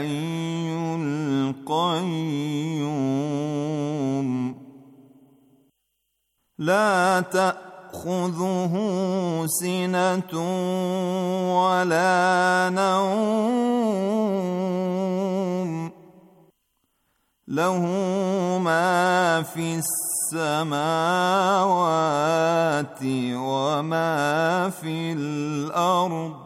الحي القيوم لا تاخذه سنه ولا نوم له ما في السماوات وما في الارض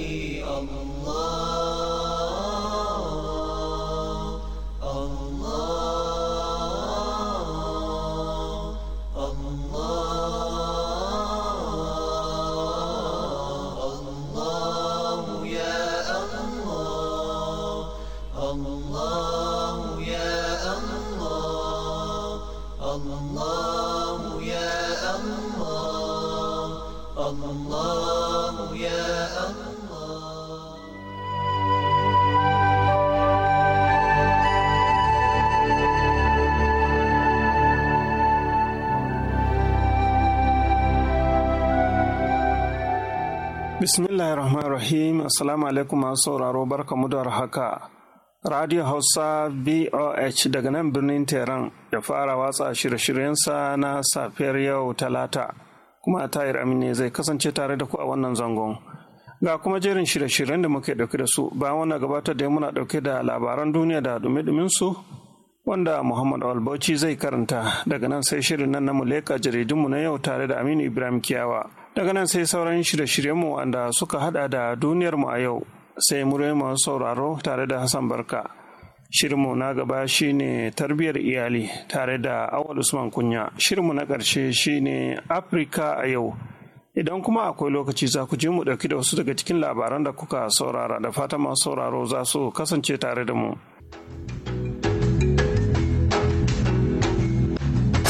bismillahir rahmanir rahim assalamu alaikum masu sauraro barka mu da haka radio hausa boh daga nan birnin tehran ya fara watsa shirye-shiryensa na safiyar yau talata kuma tayar amine zai kasance tare da ku a wannan zangon ga kuma jerin shirye-shiryen da muke dauke da su bayan wannan gabatar da muna dauke da labaran duniya da dumi-dumin su wanda muhammad albauchi zai karanta daga nan sai shirin nan na muleka jaridunmu na yau tare da aminu ibrahim kiyawa Daga nan sai sauran shirye-shiryenmu wanda suka hada da duniyarmu a yau sai mu masu sauraro tare da Hassan Barka. Shirinmu na gaba shine tarbiyyar iyali tare da Awal Usman Kunya. Shirinmu na ƙarshe shine Afirka a yau. Idan kuma akwai lokaci za ku je mu ɗauki da wasu daga cikin labaran da kuka saurara da fata masu sauraro za su kasance tare da mu.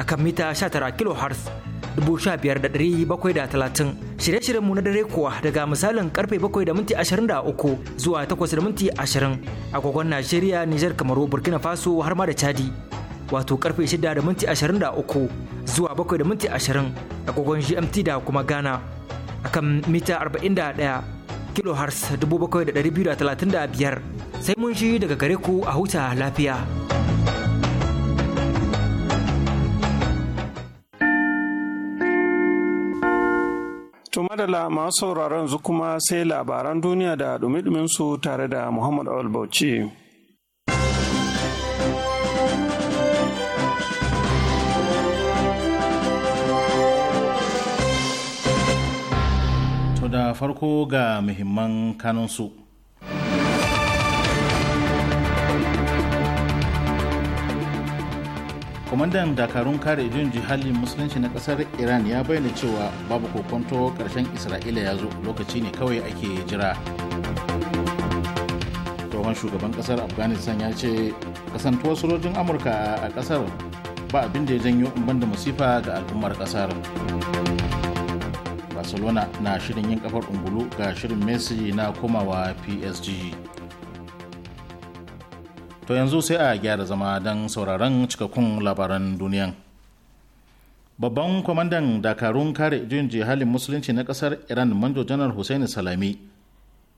akan mita 19 kilohertz talatin, shirye-shiryen mu na dare kuwa daga misalin karfe bakwai da minti ashirin da uku zuwa takwas da minti ashirin agwagwan Najeriya, Nijar, Kamaru, Burkina Faso har ma da Chadi. Wato karfe shida da minti ashirin da uku zuwa bakwai da minti ashirin agwagwan GMT da kuma Ghana. Akan mita arba'in da talatin kilohertz biyar. sai mun shi daga gare ku a huta lafiya. To madala masu sauraron zu kuma sai labaran duniya da dumi su tare da Muhammad Awal Bauchi. To da farko ga muhimman kanunsu. kwamandan dakarun kare jin jihalin musulunci na kasar iran ya bayyana cewa babu kokonto karshen isra'ila ya zo lokaci ne kawai ake jira tsohon shugaban kasar afghanistan ya ce kasantuwar sojojin amurka a kasar ba abin da ya janyo ban da masifa ga al'ummar kasar barcelona na shirin yin kafar ungulu ga shirin messi na komawa psg To yanzu sai a gyara zama don sauraron cikakkun labaran duniyan. Babban kwamandan dakarun kare jin jihalin musulunci na kasar Iran Manjo Janar Hussein Salami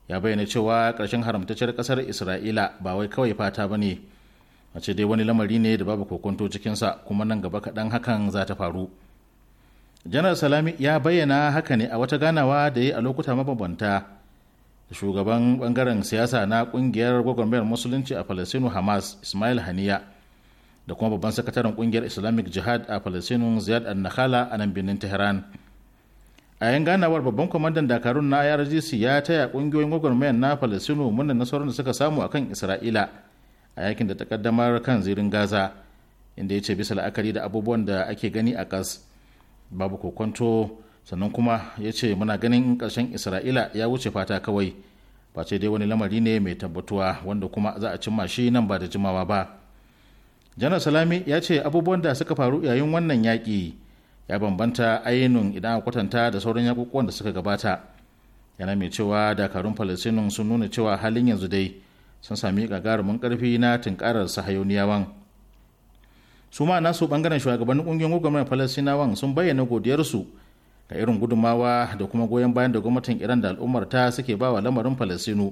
ya bayyana cewa karshen haramtacciyar kasar Isra'ila ba wai kawai fata ba ne, a ce dai wani lamari ne da babu kokonto cikinsa kuma nan gaba kaɗan hakan za ta faru. Janar Salami ya bayyana haka ne a wata ganawa da ya a lokuta mabambanta shugaban bangaren siyasa na kungiyar gwagwarmayar musulunci a palestinu hamas ismail haniya da kuma babban sakataren kungiyar islamic jihad a palestinu ziyad al a nan birnin tehran a yan ganawar babban kwamandan dakarun na irgc ya taya kungiyoyin gwagwarmayar na palestinu murna nasarar da suka samu akan isra'ila a yakin da takaddamar kan zirin gaza inda ya ce bisa la'akari da abubuwan da ake gani a kas babu kokonto sannan kuma ya ce muna ganin ƙarshen isra'ila ya wuce fata kawai ba ce dai wani lamari ne mai tabbatuwa wanda kuma za a cimma shi nan ba da jimawa ba janar salami ya ce abubuwan da suka faru yayin wannan yaƙi ya bambanta ainihin idan a kwatanta da sauran yaƙuƙuwan da suka gabata yana mai cewa dakarun palestinun sun nuna cewa halin yanzu dai sun sami gagarumin karfi na tunkarar sahayoniyawan su ma nasu bangaren shugabannin kungiyar gwamnatin falasinawan sun bayyana godiyarsu ga irin gudumawa da kuma goyon bayan da gwamnatin iran da al'ummar ta suke ba wa lamarin falasino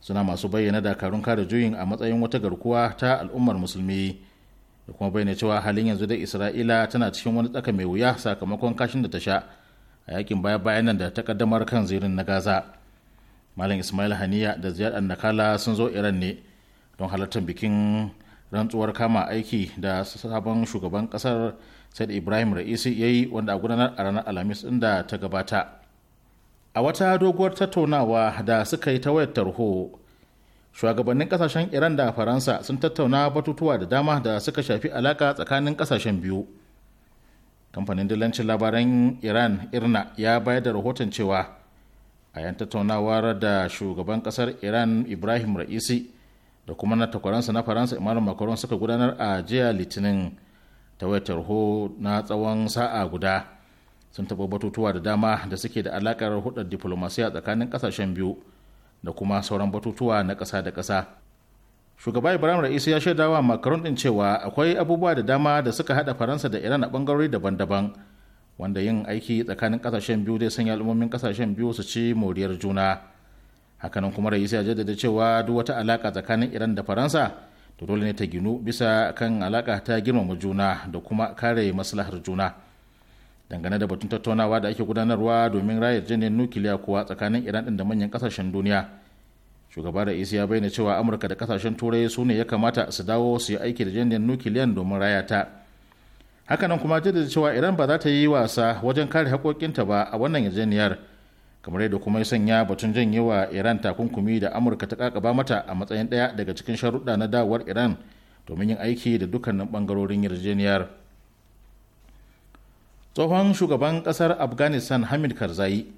suna masu bayyana dakarun kare juyin a matsayin wata garkuwa ta al'ummar musulmi da kuma bayyana cewa halin yanzu da isra'ila tana cikin wani tsaka mai wuya sakamakon kashin da ta sha a yakin baya bayan da ta kaddamar kan zirin na gaza malam ismail haniya da ziyad annakala sun zo iran ne don halartar bikin rantsuwar kama aiki da sabon shugaban kasar said ibrahim ra'isi ya yi wanda a gudanar a ranar alhamis inda ta gabata a wata doguwar tattaunawa da suka yi ta wayar tarho shugabannin kasashen iran da faransa sun tattauna batutuwa da dama da suka shafi alaka tsakanin kasashen biyu kamfanin dillancin labaran iran irna ya bayar da rahoton cewa a yan tattaunawar da shugaban kasar iran ibrahim ra'isi da kuma na takwaransa na faransa imanin makaron suka gudanar a jiya litinin ta wayar na tsawon sa'a guda sun taɓa batutuwa da dama da suke da alakar hudar diplomasiya tsakanin ƙasashen biyu da kuma sauran batutuwa na ƙasa da ƙasa shugaba ibrahim ra'isu ya shaida wa ɗin din cewa akwai abubuwa da dama da suka haɗa faransa da iran a bangarori daban-daban wanda yin aiki tsakanin ƙasashen biyu zai sanya al'ummomin ƙasashen biyu su ci moriyar juna hakanan kuma raisi ya jaddada cewa duk wata alaka tsakanin iran da faransa to dole ne ta ginu bisa kan alaka ta girmama juna da kuma kare maslahar juna dangane da batun tattaunawa da ake gudanarwa domin raya yarjejeniyar nukiliya kuwa tsakanin iran din da manyan kasashen duniya shugaba da isi ya bayyana cewa amurka da kasashen turai su ne ya kamata su dawo su yi aiki da yarjejeniyar nukiliyan domin raya ta hakanan kuma jaddada cewa iran ba za ta yi wasa wajen kare haƙoƙinta ba a wannan yarjejeniyar kamar yadda kuma ya sanya batun janye wa iran takunkumi da amurka ta kakaba mata a matsayin daya daga cikin sharuɗa na dawowar iran domin yin aiki da dukkanin bangarorin yarjejeniyar tsohon shugaban kasar afghanistan hamid karzai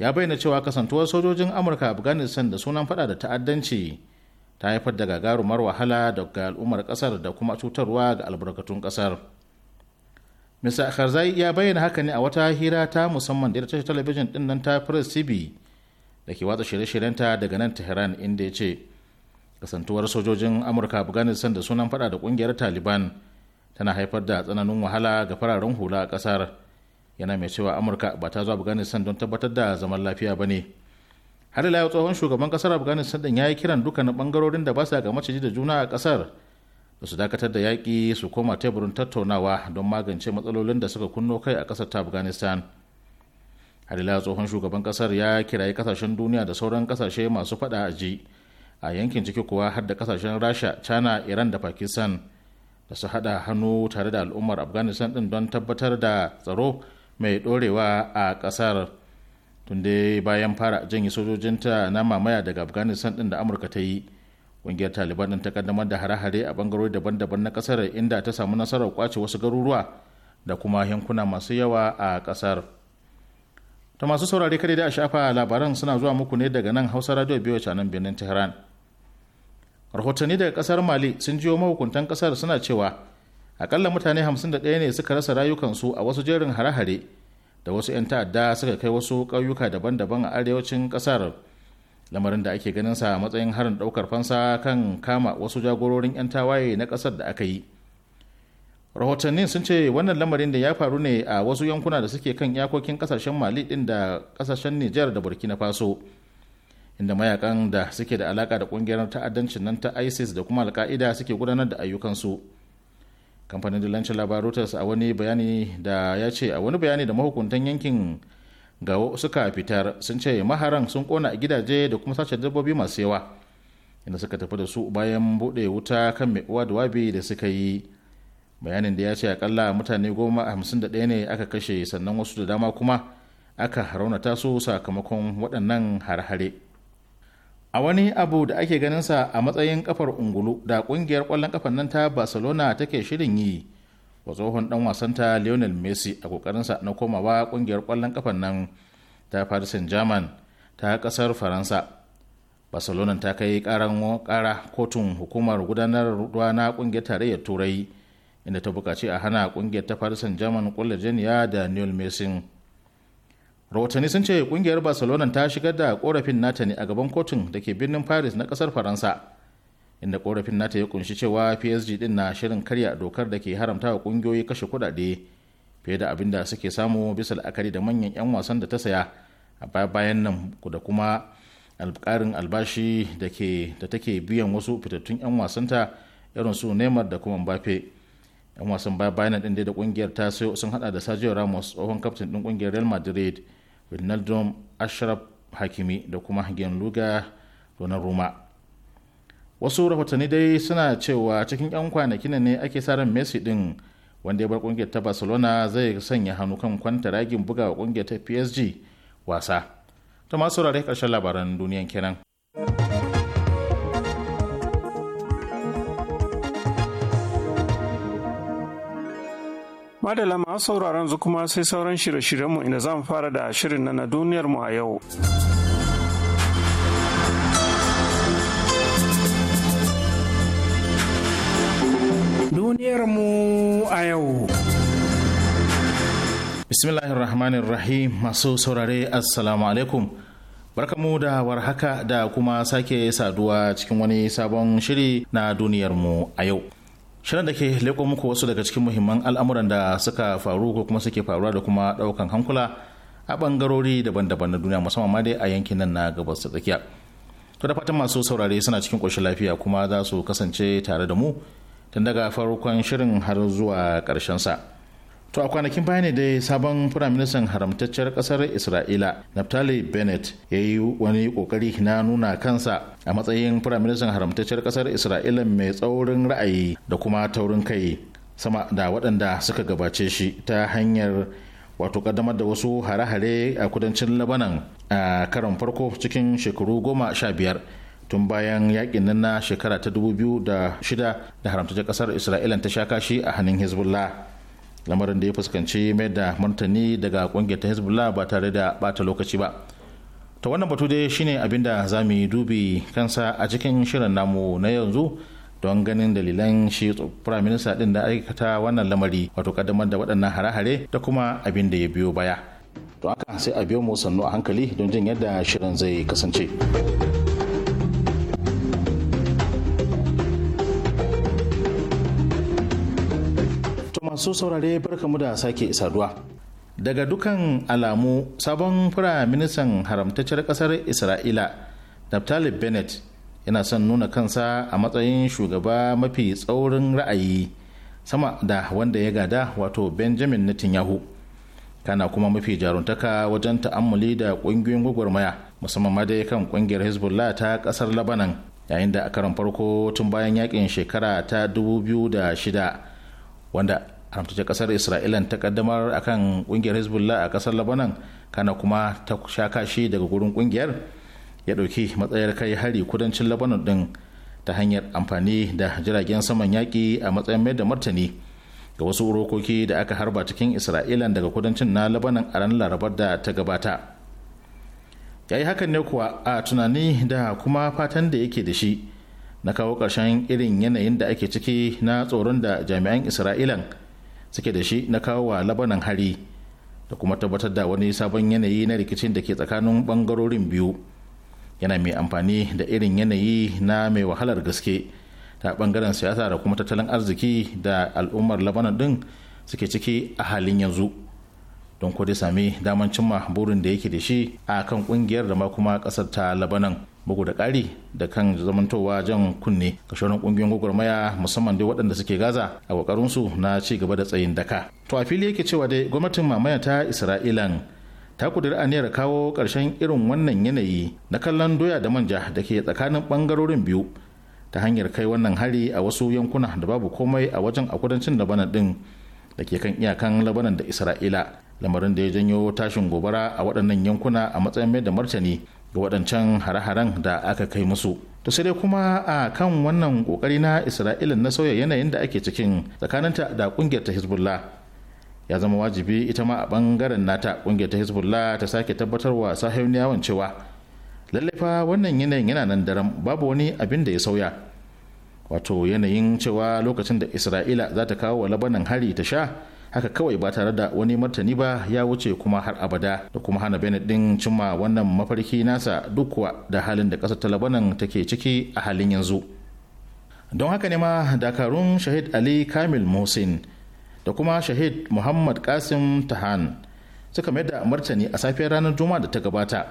ya bayyana cewa kasantuwar sojojin amurka afghanistan da sunan fada da ta'addanci ta haifar da gagarumar wahala daga al'ummar kasar da kuma cutarwa ga albarkatun kasar. Mr. Karzai ya bayyana haka ne a wata hira ta musamman da tashar talabijin din nan ta Press TV da ke watsa shirye-shiryenta daga nan Tehran inda ya ce kasantuwar sojojin Amurka Afghanistan da sunan fada da kungiyar Taliban tana haifar da tsananin wahala ga fararen hula a kasar yana mai cewa Amurka ba ta zo Afghanistan don tabbatar da zaman lafiya ba ne. Har ila tsohon shugaban kasar Afghanistan din ya yi kiran dukkanin bangarorin da ba sa ga maciji da juna a kasar da su dakatar da yaƙi su koma teburin tattaunawa don magance matsalolin da suka kunno kai a ƙasar ta afghanistan halila tsohon shugaban ƙasar ya kirayi ƙasashen duniya da sauran ƙasashe masu faɗa a ji a yankin ciki kuwa har da ƙasashen rasha china iran da pakistan da su haɗa hannu tare da al'ummar afghanistan ɗin don tabbatar da tsaro mai ɗorewa a ƙasar tun dai bayan fara janye sojojinta na mamaya daga afghanistan ɗin da amurka ta yi ƙungiyar taliban ɗin ta kaddamar da hare-hare a bangarori daban-daban na ƙasar inda ta samu nasarar kwace wasu garuruwa da kuma yankuna masu yawa a ƙasar ta masu saurare kare da a shafa labaran suna zuwa muku ne daga nan hausa radio biyu a nan birnin tehran rahotanni daga kasar mali sun jiyo mahukuntan kasar suna cewa akalla mutane hamsin da 51 ne suka rasa rayukansu a wasu jerin hare-hare da wasu 'yan ta'adda suka kai wasu ƙauyuka daban-daban a arewacin ƙasar lamarin da ake ganin sa a matsayin harin daukar fansa kan kama wasu jagororin 'yan tawaye na kasar da aka yi rahotannin sun ce wannan lamarin da ya faru ne a wasu yankuna da suke kan iyakokin kasashen mali din da kasashen nijar da burkina faso inda mayakan da suke da alaka da kungiyar ta'addancin nan ta isis da kuma alka'ida suke gudanar da ayyukansu kamfanin dillancin labarotas a wani bayani da ya ce a wani bayani da mahukuntan yankin ga suka fitar sun ce maharan sun kona gidaje da kuma sace dabbobi masu yawa inda suka tafi da su bayan bude wuta kan mai uwa da da suka yi bayanin da ya ce akalla mutane goma hamsin da ɗaya ne aka kashe sannan wasu da dama kuma aka raunata su sakamakon waɗannan har-hare a wani abu da ake ganinsa a matsayin kafar ungulu da ƙungiyar ƙwallon kafan nan ta barcelona take shirin yi wa tsohon dan wasanta lionel messi a kokarinsa na komawa kungiyar kwallon kafan nan ta paris saint german ta kasar faransa barcelona ta kai karan kara kotun hukumar gudanar gudanarwa na kungiyar tarayyar turai inda ta bukaci a hana kungiyar ta paris saint german jeniya da lionel messi rahotanni sun ce kungiyar barcelona ta shigar da korafin nata ne a gaban kotun da ke birnin paris na kasar faransa inda korafin nata ya kunshi cewa psg din na shirin karya dokar da ke haramta wa kungiyoyi kashe kudade fiye da abin da suke samu bisa la'akari da manyan 'yan wasan da ta saya a bayan nan da kuma alƙarin albashi da take biyan wasu fitattun 'yan wasanta irin su neymar da kuma mbappe 'yan wasan baya bayan din da kungiyar ta sayo sun hada da sergio ramos tsohon kaftin din kungiyar real madrid wijnaldum ashraf hakimi da kuma luga donnarumma wasu rahotanni dai suna cewa cikin 'yan kwanaki ne ake sa ran messi din wanda ya bar kungiyar ta barcelona zai sanya hannu kan kwanta ragin buga wa kungiyar ta psg wasa ta masu saurare karshen labaran duniyan kenan madala masu sauraron zu kuma sai sauran shirye-shiryenmu inda zan fara da shirin na na duniyarmu a yau. mu a yau. Bismillahirrahmanirrahim masu saurare Assalamu alaikum. Barkamu da warhaka da kuma sake saduwa cikin wani sabon shiri na duniyarmu a yau. Shirin da ke leko muku wasu daga cikin muhimman al'amuran da suka faru ko kuma suke faruwa da kuma ɗaukan hankula a ɓangarori daban-daban na duniya musamman ma dai a yankin nan na gabas ta tsakiya. To da fatan masu saurare suna cikin ƙoshin lafiya kuma za su kasance tare da mu tun daga farkon shirin har zuwa sa To a kwanakin baya ne dai sabon firaministan haramtacciyar ƙasar Isra'ila Naftali Bennett ya yi wani ƙoƙari na nuna kansa a matsayin firaministan haramtacciyar ƙasar Isra'ila mai tsaurin ra'ayi da kuma taurin kai sama da waɗanda suka gabace shi ta hanyar wato kaddamar da wasu hare-hare a kudancin Labanan a karon farko cikin shekaru goma sha biyar tun bayan yakin nan na shekara ta 2006 da haramta kasar isra'ila ta sha kashi a hannun hezbollah lamarin da ya fuskanci mai da martani daga kungiyar ta hezbollah ba tare da bata lokaci ba ta wannan batu dai shine abin da za mu yi dubi kansa a cikin shirin namu na yanzu don ganin dalilan shi prime din da aikata wannan lamari wato kaddamar da waɗannan hare-hare da kuma abin da ya biyo baya to aka sai a biyo mu sannu a hankali don jin yadda shirin zai kasance. masu saurare mu da sake saduwa daga dukan alamu sabon firaministan ministan haramtacciyar kasar isra'ila naftali bennett yana son nuna kansa a matsayin shugaba mafi tsaurin ra'ayi sama da wanda ya gada wato benjamin netanyahu kana kuma mafi jaruntaka wajen ta'ammuli da ƙungiyoyin gwagwarmaya musamman ma dai kan ƙungiyar hezbollah ta ƙasar labanan yayin da a karon farko tun bayan yakin shekara ta 2006 wanda haramtaccen kasar isra'ila ta kaddamar akan kungiyar hezbollah a kasar labanan kana kuma ta sha kashi daga gurin kungiyar ya ɗauki matsayar kai hari kudancin labanan din ta hanyar amfani da jiragen saman yaki a matsayin mai da martani ga wasu urokoki da aka harba cikin isra'ila daga kudancin na labanan a ranar larabar da ta gabata ya yi hakan ne kuwa a tunani da kuma fatan da yake da shi na kawo ƙarshen irin yanayin da ake ciki na tsoron da jami'an isra'ilan suke da shi na kawo wa labanan hari da kuma tabbatar da wani sabon yanayi na rikicin da ke tsakanin bangarorin biyu yana mai amfani da irin yanayi na mai wahalar gaske ta bangaren siyasa da kuma tattalin arziki da al'ummar labanan din suke ciki a halin yanzu don kodai sami daman cimma burin da yake da shi a kan kungiyar da ma kuma kasar ta labanan bugu da ƙari da kan zamantowa jan kunne ga shauran ƙungiyoyin gwagwarmaya musamman dai waɗanda suke gaza a ƙoƙarinsu na ci gaba da tsayin daka to a fili yake cewa dai gwamnatin mamaya ta isra'ilan ta kudiri aniyar kawo ƙarshen irin wannan yanayi na kallon doya da manja da ke tsakanin ɓangarorin biyu ta hanyar kai wannan hari a wasu yankuna da babu komai a wajen a kudancin labanan ɗin da ke kan iyakan labanan da isra'ila lamarin da ya janyo tashin gobara a waɗannan yankuna a matsayin mai da martani ga waɗancan hare-haren da aka kai musu to sai dai kuma a kan wannan kokari na isra'ila na sauya yanayin da ake cikin tsakaninta da kungiyar ta hezbollah ya zama wajibi ita ma a ɓangaren nata kungiyar ta hezbollah ta sake tabbatarwa sahiyoniyawan cewa fa wannan yanayin yana nan daram babu wani abin da ya sauya wato yanayin cewa lokacin da isra'ila za ta kawo wa labanan hari ta sha haka kawai ba tare da wani martani ba ya wuce kuma har abada da kuma hana benin din cimma wannan mafarki nasa duk kuwa da halin da kasar ta take ciki a halin yanzu don haka ne ma dakarun shahid ali kamil musin da kuma shahid muhammad kasim tahan suka mai da martani a safiyar ranar juma'a da ta gabata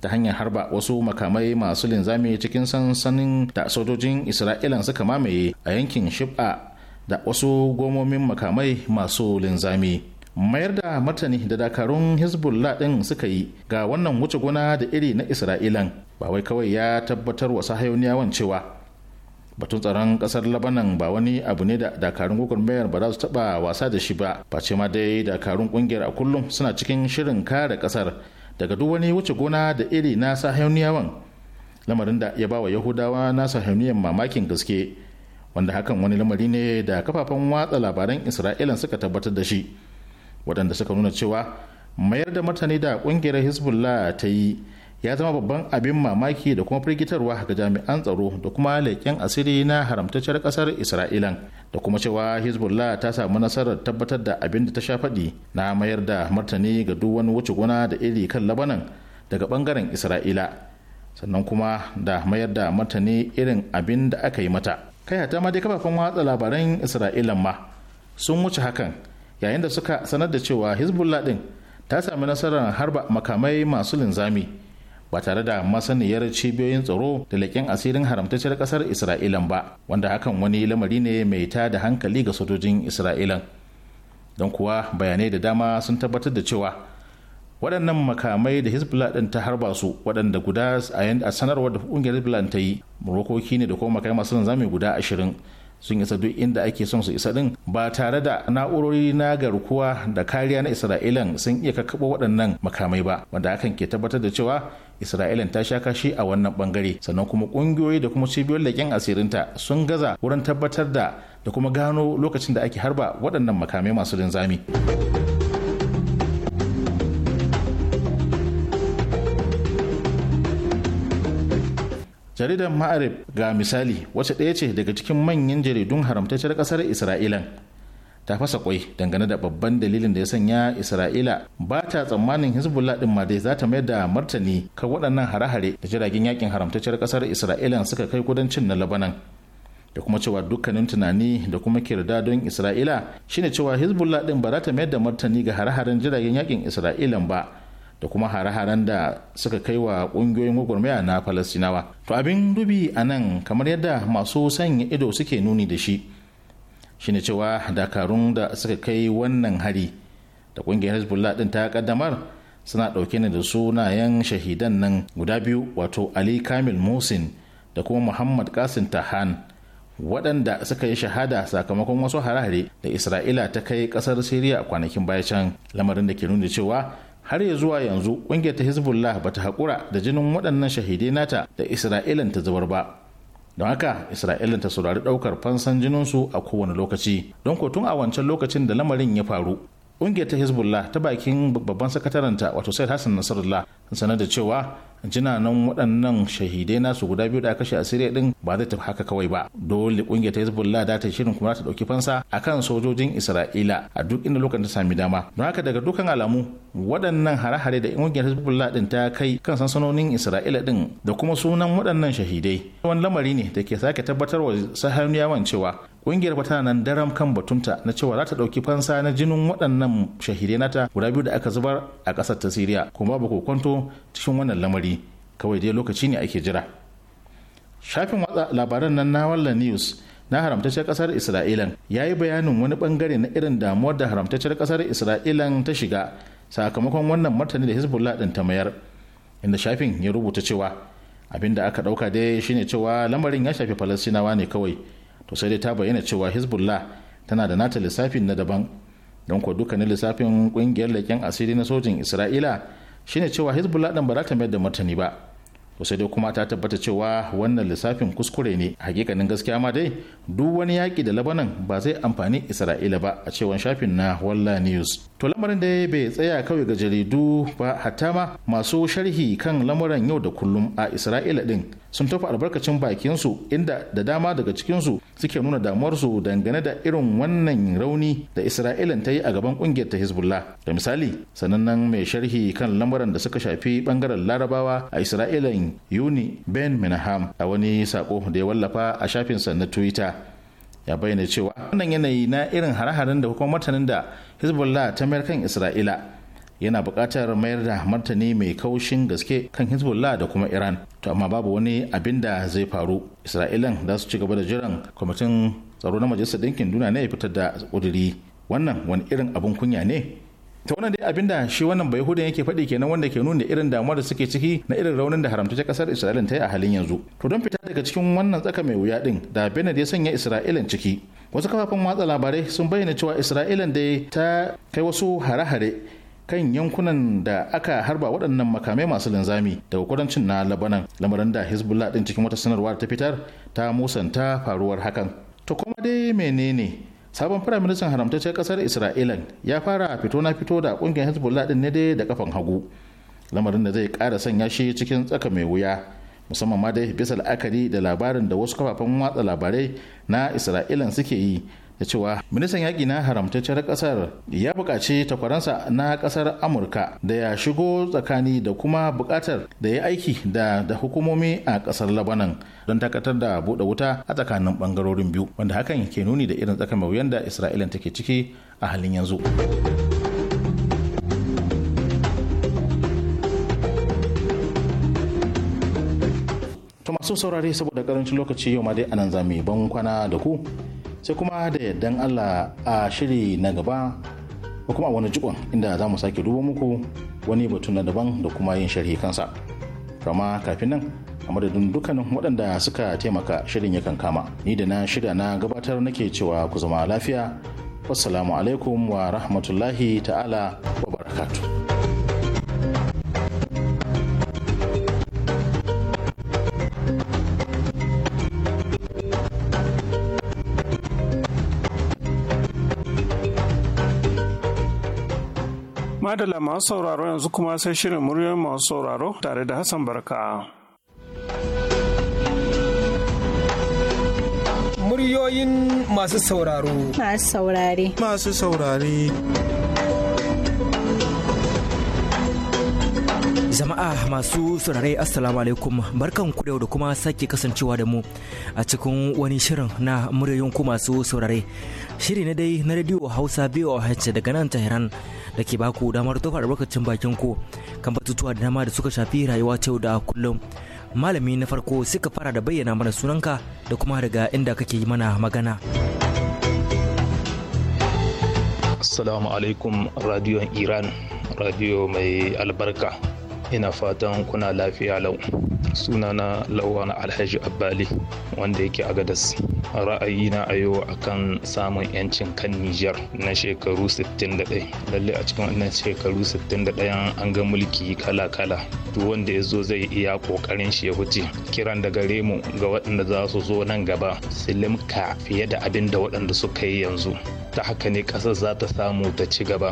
ta hanyar harba wasu makamai masu linzami cikin sansanin da sojojin isra'ilan suka mamaye a yankin shib'a da wasu gomomin makamai masu linzami mayar da martani da dakarun hezbollah ɗin suka yi ga wannan wuce gona da iri na isra'ilan ba wai kawai ya tabbatar wa sahayoniyawan cewa batun tsaron kasar labanan ba wani abu ne da dakarun gwagwarmayar ba za su taɓa wasa da shi ba face ma dai dakarun ƙungiyar a kullum suna cikin shirin kare kasar daga duk wani wuce gona da iri na sahayoniyawan lamarin da ya ba wa yahudawa na sahiyoniyan mamakin gaske wanda hakan wani lamari ne da kafafen watsa labaran isra'ila suka tabbatar da shi waɗanda suka nuna cewa mayar da martani da ƙungiyar hezbollah ta yi ya zama babban abin mamaki da kuma firgitarwa ga jami'an tsaro da kuma leƙen asiri na haramtacciyar ƙasar isra'ilan da kuma cewa hezbollah ta samu nasarar tabbatar da abin da ta sha faɗi na mayar da martani ga duk wani wuce gona da iri kan labanan daga bangaren isra'ila sannan kuma da mayar da martani irin abin da aka yi mata kai hata ma dai kafafen watsa labaran isra'ilan ma sun wuce hakan yayin da suka sanar da cewa hezbollah din ta sami nasarar harba makamai masu linzami ba tare da masaniyar cibiyoyin tsaro da leƙen asirin haramtacciyar ƙasar isra'ilan ba wanda hakan wani lamari ne mai ta da hankali ga sojojin isra'ilan don kuwa bayanai da dama sun tabbatar da cewa waɗannan makamai da hezbollah ɗin ta harba su waɗanda guda a sanarwar da ƙungiyar hezbollah ta yi rokoki ne da kuma makamai masu zanzami guda ashirin sun isa duk inda ake son su isa ɗin ba tare da na'urori na garkuwa da kariya na isra'ilan sun iya kakkaɓo waɗannan makamai ba wanda hakan ke tabbatar da cewa isra'ilan ta sha kashi a wannan bangare sannan kuma ƙungiyoyi da kuma cibiyoyin leƙen asirinta sun gaza wurin tabbatar da da kuma gano lokacin da ake harba waɗannan makamai masu linzami. jaridar ma'arib ga misali wacce ɗaya ce daga cikin manyan jaridun haramtacciyar ƙasar isra'ila ta fasa kwai dangane da babban dalilin da ya sanya isra'ila ba ta tsammanin hezbollah din ma dai za ta mayar da martani kan waɗannan hare-hare da jiragen yakin haramtacciyar ƙasar isra'ila suka kai kudancin na labanan da kuma cewa dukkanin tunani da kuma kirda don isra'ila shine cewa hezbollah ɗin ba za ta mayar da martani ga hare-haren jiragen yakin isra'ila ba da kuma hare-haren da suka kai wa ƙungiyoyin gwagwarmaya na falastinawa to abin dubi a nan kamar yadda masu sanya ido suke nuni da shi shine cewa dakarun da suka kai wannan hari da ƙungiyar hezbollah ɗin ta ƙaddamar suna ɗauke ne da sunayen shahidan nan guda biyu wato ali kamil musin da kuma muhammad kasim tahan waɗanda suka yi shahada sakamakon wasu hare-hare da isra'ila ta kai ƙasar siriya a kwanakin baya can lamarin da ke nuna cewa har ya zuwa yanzu kungiyar ta hezbollah ba ta haƙura da jinin waɗannan shahidai nata da isra'ilan ta zubar ba don haka isra'ilan ta saurari ɗaukar fansan jininsu a kowane lokaci don ko tun a wancan lokacin da lamarin ya faru kungiyar ta hezbollah ta bakin babban sakataranta wato said hassan nasarullah sanar da cewa jinanan waɗannan shahidai nasu guda biyu da aka kashe a siriya din ba zai tafi haka kawai ba dole kungiyar ta hezbollah da ta shirin kuma ta ɗauki fansa akan sojojin isra'ila a duk inda lokacin ta sami dama don haka daga dukkan alamu waɗannan hare-hare da kungiyar hezbollah din ta kai kan sansanonin isra'ila din da kuma sunan waɗannan shahidai wani lamari ne da ke sake tabbatar wa sahamiyawan cewa kungiyar tana nan daram kan batunta na cewa za ta dauki fansa na jinin waɗannan shahidai nata guda biyu da aka zubar a ƙasar ta siriya kuma ba kwanto cikin wannan lamari kawai dai lokaci ne ake jira shafin watsa labaran nan na wallan news na haramtacciyar kasar isra'ilan ya yi bayanin wani bangare na irin damuwar da haramtacciyar kasar isra'ilan ta shiga sakamakon wannan martani da hezbollah ɗin ta mayar inda shafin ya rubuta cewa abinda aka ɗauka dai shine cewa lamarin ya shafi falasinawa ne kawai to sai dai ta bayyana cewa hezbollah tana da nata lissafin na daban don kuwa dukkanin lissafin kungiyar leƙen asiri na sojin isra'ila shine cewa hezbollah ɗin ba za ta mayar da martani ba to sai dai kuma ta tabbata cewa wannan lissafin kuskure ne hakikanin gaskiya ma dai duk wani yaƙi da labanan ba zai amfani isra'ila ba a cewan shafin na walla news to lamarin da bai tsaya kawai ga jaridu ba hatta ma masu sharhi kan lamuran yau da kullum a isra'ila din. sun tafi albarkacin bakinsu inda da dama daga cikinsu suke nuna damuwarsu dangane da irin wannan rauni da isra'ilan ta yi a gaban kungiyar ta hezbollah da misali sanannen mai sharhi kan lamuran da suka shafi bangaren larabawa a isra'ilan yuni ben minaham a wani sako da ya wallafa a shafinsa na twitter ya bayyana cewa wannan yanayi na irin hare-haren da hukumar martanin da hezbollah ta mayar kan isra'ila yana buƙatar mayar da martani mai kaushin gaske kan hezbollah da kuma iran to amma babu wani abin da zai faru isra'ilan za su ci gaba da jiran kwamitin tsaro na majalisar ɗinkin duniya ne ya fitar da ƙuduri wannan wani irin abin kunya ne ta wannan dai abin da shi wannan bai hudun yake faɗi kenan wanda ke nuna irin damuwa da suke ciki na irin raunin da haramtaccen kasar isra'ila ta yi a halin yanzu to don fita daga cikin wannan tsaka mai wuya din da benin ya sanya isra'ilan ciki wasu kafafen watsa labarai sun bayyana cewa isra'ilan dai ta kai wasu hare-hare kan yankunan da aka harba waɗannan makamai masu linzami daga kudancin na labanan lamarin da hezbollah ɗin cikin wata sanarwa ta fitar ta musanta faruwar hakan to kuma dai menene sabon firaministan haramtacciyar ƙasar isra'ilan ya fara fito na fito da ƙungiyar hezbollah din ne dai da kafan hagu lamarin da zai ƙara sanya shi cikin tsaka mai wuya musamman ma dai bisa la'akari da labarin da wasu kafafen watsa labarai na isra'ilan suke yi da cewa ministan yaƙi na haramtacciyar ƙasar ya buƙaci takwaransa na ƙasar amurka da ya shigo tsakani da kuma buƙatar da ya aiki da da hukumomi a ƙasar labanan don takatar da buɗe wuta a tsakanin ɓangarorin biyu wanda hakan ke nuni da irin tsakanin wuyan da isra'ila take ciki a halin yanzu. masu saurare saboda karancin lokaci yau ma dai anan zami ban kwana da ku sai kuma da yardan allah a shiri na gaba ko kuma wani jikon inda za mu sake duba muku wani batu na daban da kuma yin sharhi kansa rama kafin nan a madadin dukkanin waɗanda suka taimaka shirin ya kama ni da na shirya na gabatar nake cewa ku zama lafiya wassalamu alaikum wa rahmatullahi ta'ala wa barakatu. Madala masu sauraro yanzu kuma sai shirin muryar masu sauraro tare da Hassan Barka. Muryoyin masu sauraro. Masu saurare. Masu saurare. jama'a masu saurare assalamu alaikum barkan ku da kuma sake kasancewa da mu a cikin wani shirin na muryoyin ku masu saurare shiri na dai na radio hausa biyu a daga nan tehran da ke baku damar tofa albarkacin bakin ku kan batutuwa da dama da suka shafi rayuwa ta yau da kullum. Malami na farko suka fara da bayyana mana sunanka da kuma daga inda kake yi mana magana. Assalamu alaikum radiyon Iran, radiyo mai albarka. ina fatan kuna lafiya lau sunana lawan alhaji abbali wanda yake agadas ra'ayina a yau akan samun yancin kan nijar na shekaru 61 lalle a cikin wannan shekaru 61 an ga mulki kala-kala duk wanda ya zo zai iya kokarin shi ya huce kiran da gare mu ga waɗanda za su zo nan gaba su limka fiye da abin da waɗanda suka yi yanzu ta haka ne ƙasar za ta samu ta ci gaba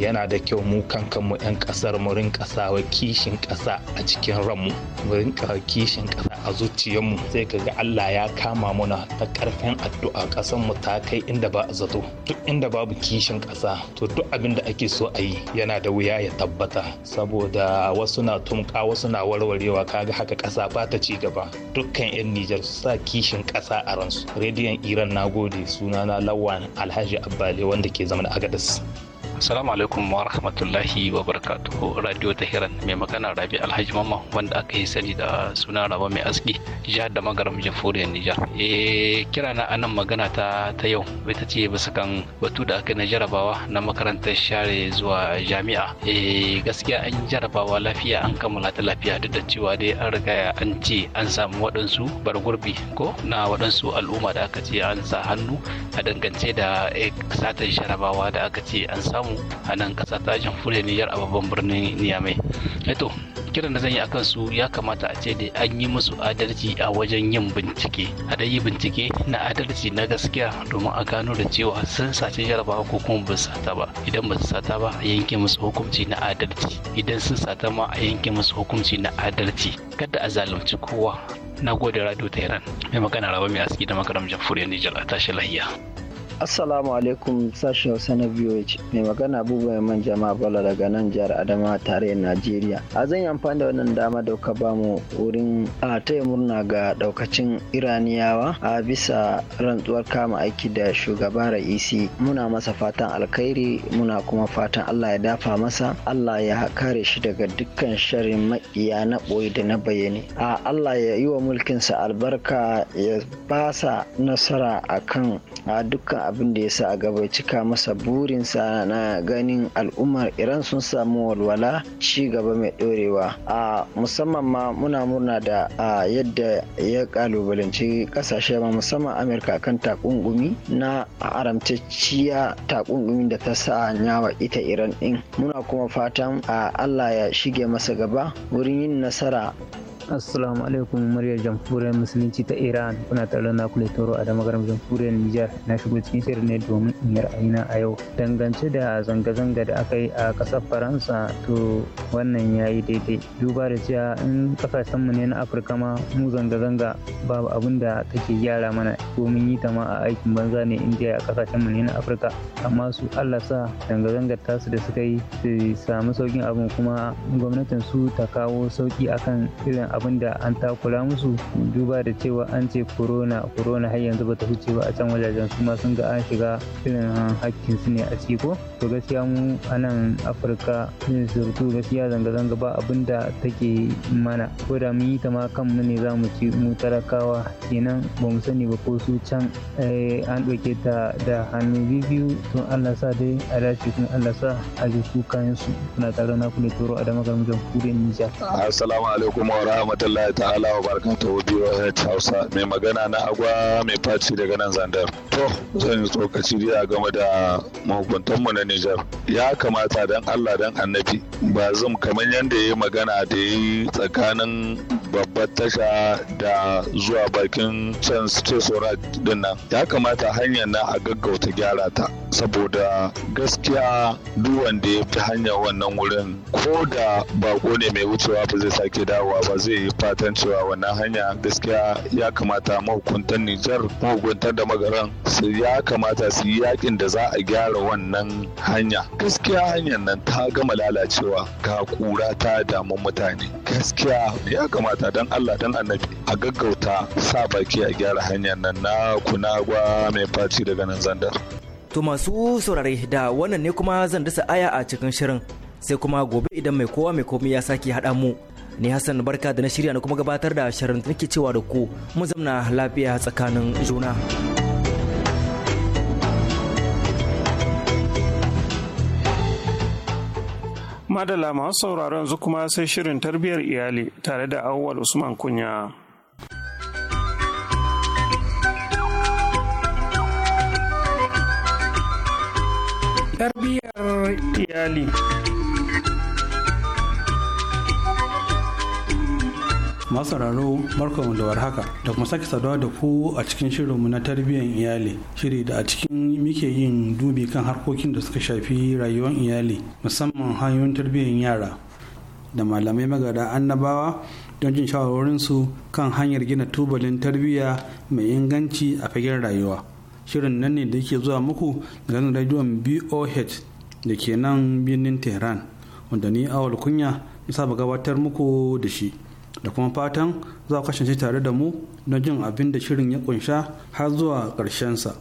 yana da kyau mu mu 'yan ƙasar mu rinka sawa kishi kishin ƙasa a cikin ranmu mu rinka kishin ƙasa a zuciyarmu sai ka ga Allah ya kama muna ta ƙarfin addu'a ƙasan mu ta kai inda ba a zato duk inda babu kishin ƙasa to duk abin da ake so a yi yana da wuya ya tabbata saboda wasu na tumka wasu na warwarewa kaga haka ƙasa ba ta ci gaba dukkan 'yan Nijar su sa kishin ƙasa a ransu rediyon Iran nagode sunana Lawan Alhaji Abbali wanda ke zaman Agadas. Assalamu alaikum wa rahmatullahi wa barakatuhu Radio Tahiran mai magana Rabi Alhaji Mamma wanda aka yi sani da suna Raba mai aski jihar da magaram Jafuriya Nijar. Eh kira na anan magana ta ta yau ita ce bisa kan batu da aka na jarabawa na makarantar share zuwa jami'a. Eh gaskiya an jarabawa lafiya an kammala ta lafiya duk da cewa dai an riga an ce an samu waɗansu bargurbi ko na waɗansu al'umma da aka ce an sa hannu a dangance da eh, satan jarabawa da aka ce an samu mu a nan ƙasa ta jamhuriyar Nijar a babban birnin niyamai Eto, eh kiran da zan yi akan su ya kamata a ce da an yi musu adalci a wajen yin bincike. A da yi bincike na adalci na gaskiya domin a gano da cewa sun sace jarabawa ko kuma ba sata ba. Idan ba su sata ba a yanke musu hukunci na adalci. Idan sun sata ma a yanke musu hukunci na adalci. Kada a zalunci kowa. Na gode Radio Tehran. Mai magana raba mai aski da makaramin jamhuriyar Nijar a tashi lahiya. Assalamu alaikum sashen Hausa na VOH mai magana abubuwa man jama'a bala daga nan jihar Adamawa tare Najeriya. A zan yi amfani da wannan dama da ka bamu wurin a taya murna ga daukacin Iraniyawa a bisa rantsuwar kama aiki da shugaba Ra'isi. Muna masa fatan alkhairi muna kuma fatan Allah ya dafa masa Allah ya kare shi daga dukkan sharrin makiya na ɓoye da na bayyane. A Allah ya yi wa mulkinsa albarka ya basa nasara akan a dukkan abin da ya sa a gaba ya cika masa burinsa na ganin al'ummar iran sun samu walwala ci gaba mai ɗorewa a musamman ma muna murna da yadda ya kalubalanci kasashe ma musamman amurka kan takungumi na haramtacciya takungumi da ta sa nyawa ita iran din muna kuma fatan allah ya shige masa gaba wurin yin nasara assalamu alaikum muryar jamhuriyar musulunci ta iran kuna tare na kula toro a damar jamhuriyar nijar na shigo cikin shirin ne domin in yi ra'ayina a yau dangance da zanga-zanga da aka yi a ƙasar faransa to wannan ya yi daidai duba da cewa in mu ne na afirka ma mu zanga-zanga babu abin da take gyara mana ko mun yi ta ma a aikin banza ne indiya a mu ne na afirka amma su allah sa zanga-zangar tasu da suka yi su sami saukin abin kuma gwamnatin su ta kawo sauki akan irin abin da an takura musu duba da cewa an ce corona corona har yanzu bata huce ba a can wajajen su ma sun ga an shiga irin hakkin su ne a ciko ko to gaskiya mu a nan afirka yin zurtu gaskiya zanga-zanga ba abin da take mana ko da mun yi ta ma kanmu ne za mu ci mu talakawa kenan ba mu sani ba ko su can eh, an ɗauke ta da hannu biyu tun allah sa dai a dace tun allah sa a ji su kayan su na tare na kula toro a damar jamhuriyar nija assalamu alaikum wa rahmatullahi ta'ala wa wa biyu hausa mai magana na agwa mai faci daga nan zandar to zan yi tsokaci dai a game da mu na nijar ya kamata dan allah dan annabi ba zum kamar yadda ya magana da ya yi tsakanin babbar tasha da zuwa bakin can stesora din nan ya kamata hanyar na a gaggauta gyara ta saboda gaskiya duk wanda ya fi hanyar wannan wurin ko da bako ne mai wucewa ba zai sake dawowa ba zai fatan cewa wannan hanya gaskiya ya kamata mahukuntan Nijar mahukuntar da magaran su ya kamata su yi yakin da za a gyara wannan hanya. Gaskiya hanyar nan ta gama lalacewa ga kura ta damu mutane. Gaskiya ya kamata don Allah don annabi a gaggauta sa baki a gyara hanyar nan na kunagwa mai faci daga nan zandar. To masu saurare da wannan ne kuma zan dasa aya a cikin shirin sai kuma gobe idan mai kowa mai komi ya sake haɗa mu ni hassan barka da na shirya na kuma gabatar da shirin nake cewa da ku mu zamna lafiya tsakanin juna madala masu sauraron yanzu kuma sai shirin tarbiyyar iyali tare da awwal usman kunya Tarbiyar iyali masu raro barkanmu da warhaka da kuma sake saduwa da ku a cikin shirinmu na tarbiyyar iyali shiri da a cikin muke yin dubi kan harkokin da suka shafi rayuwar iyali musamman hanyoyin tarbiyyar yara da malamai magada annabawa don jin shawarorinsu kan hanyar gina tubalin tarbiyya mai inganci a fagen rayuwa shirin nan ne da yake zuwa muku da radiyon boh da ke nan birnin tehran wanda ni awal kunya na saba gabatar muku da shi da kuma fatan za ku kasance tare da mu don jin abin da shirin ya kunsha har zuwa ƙarshensa.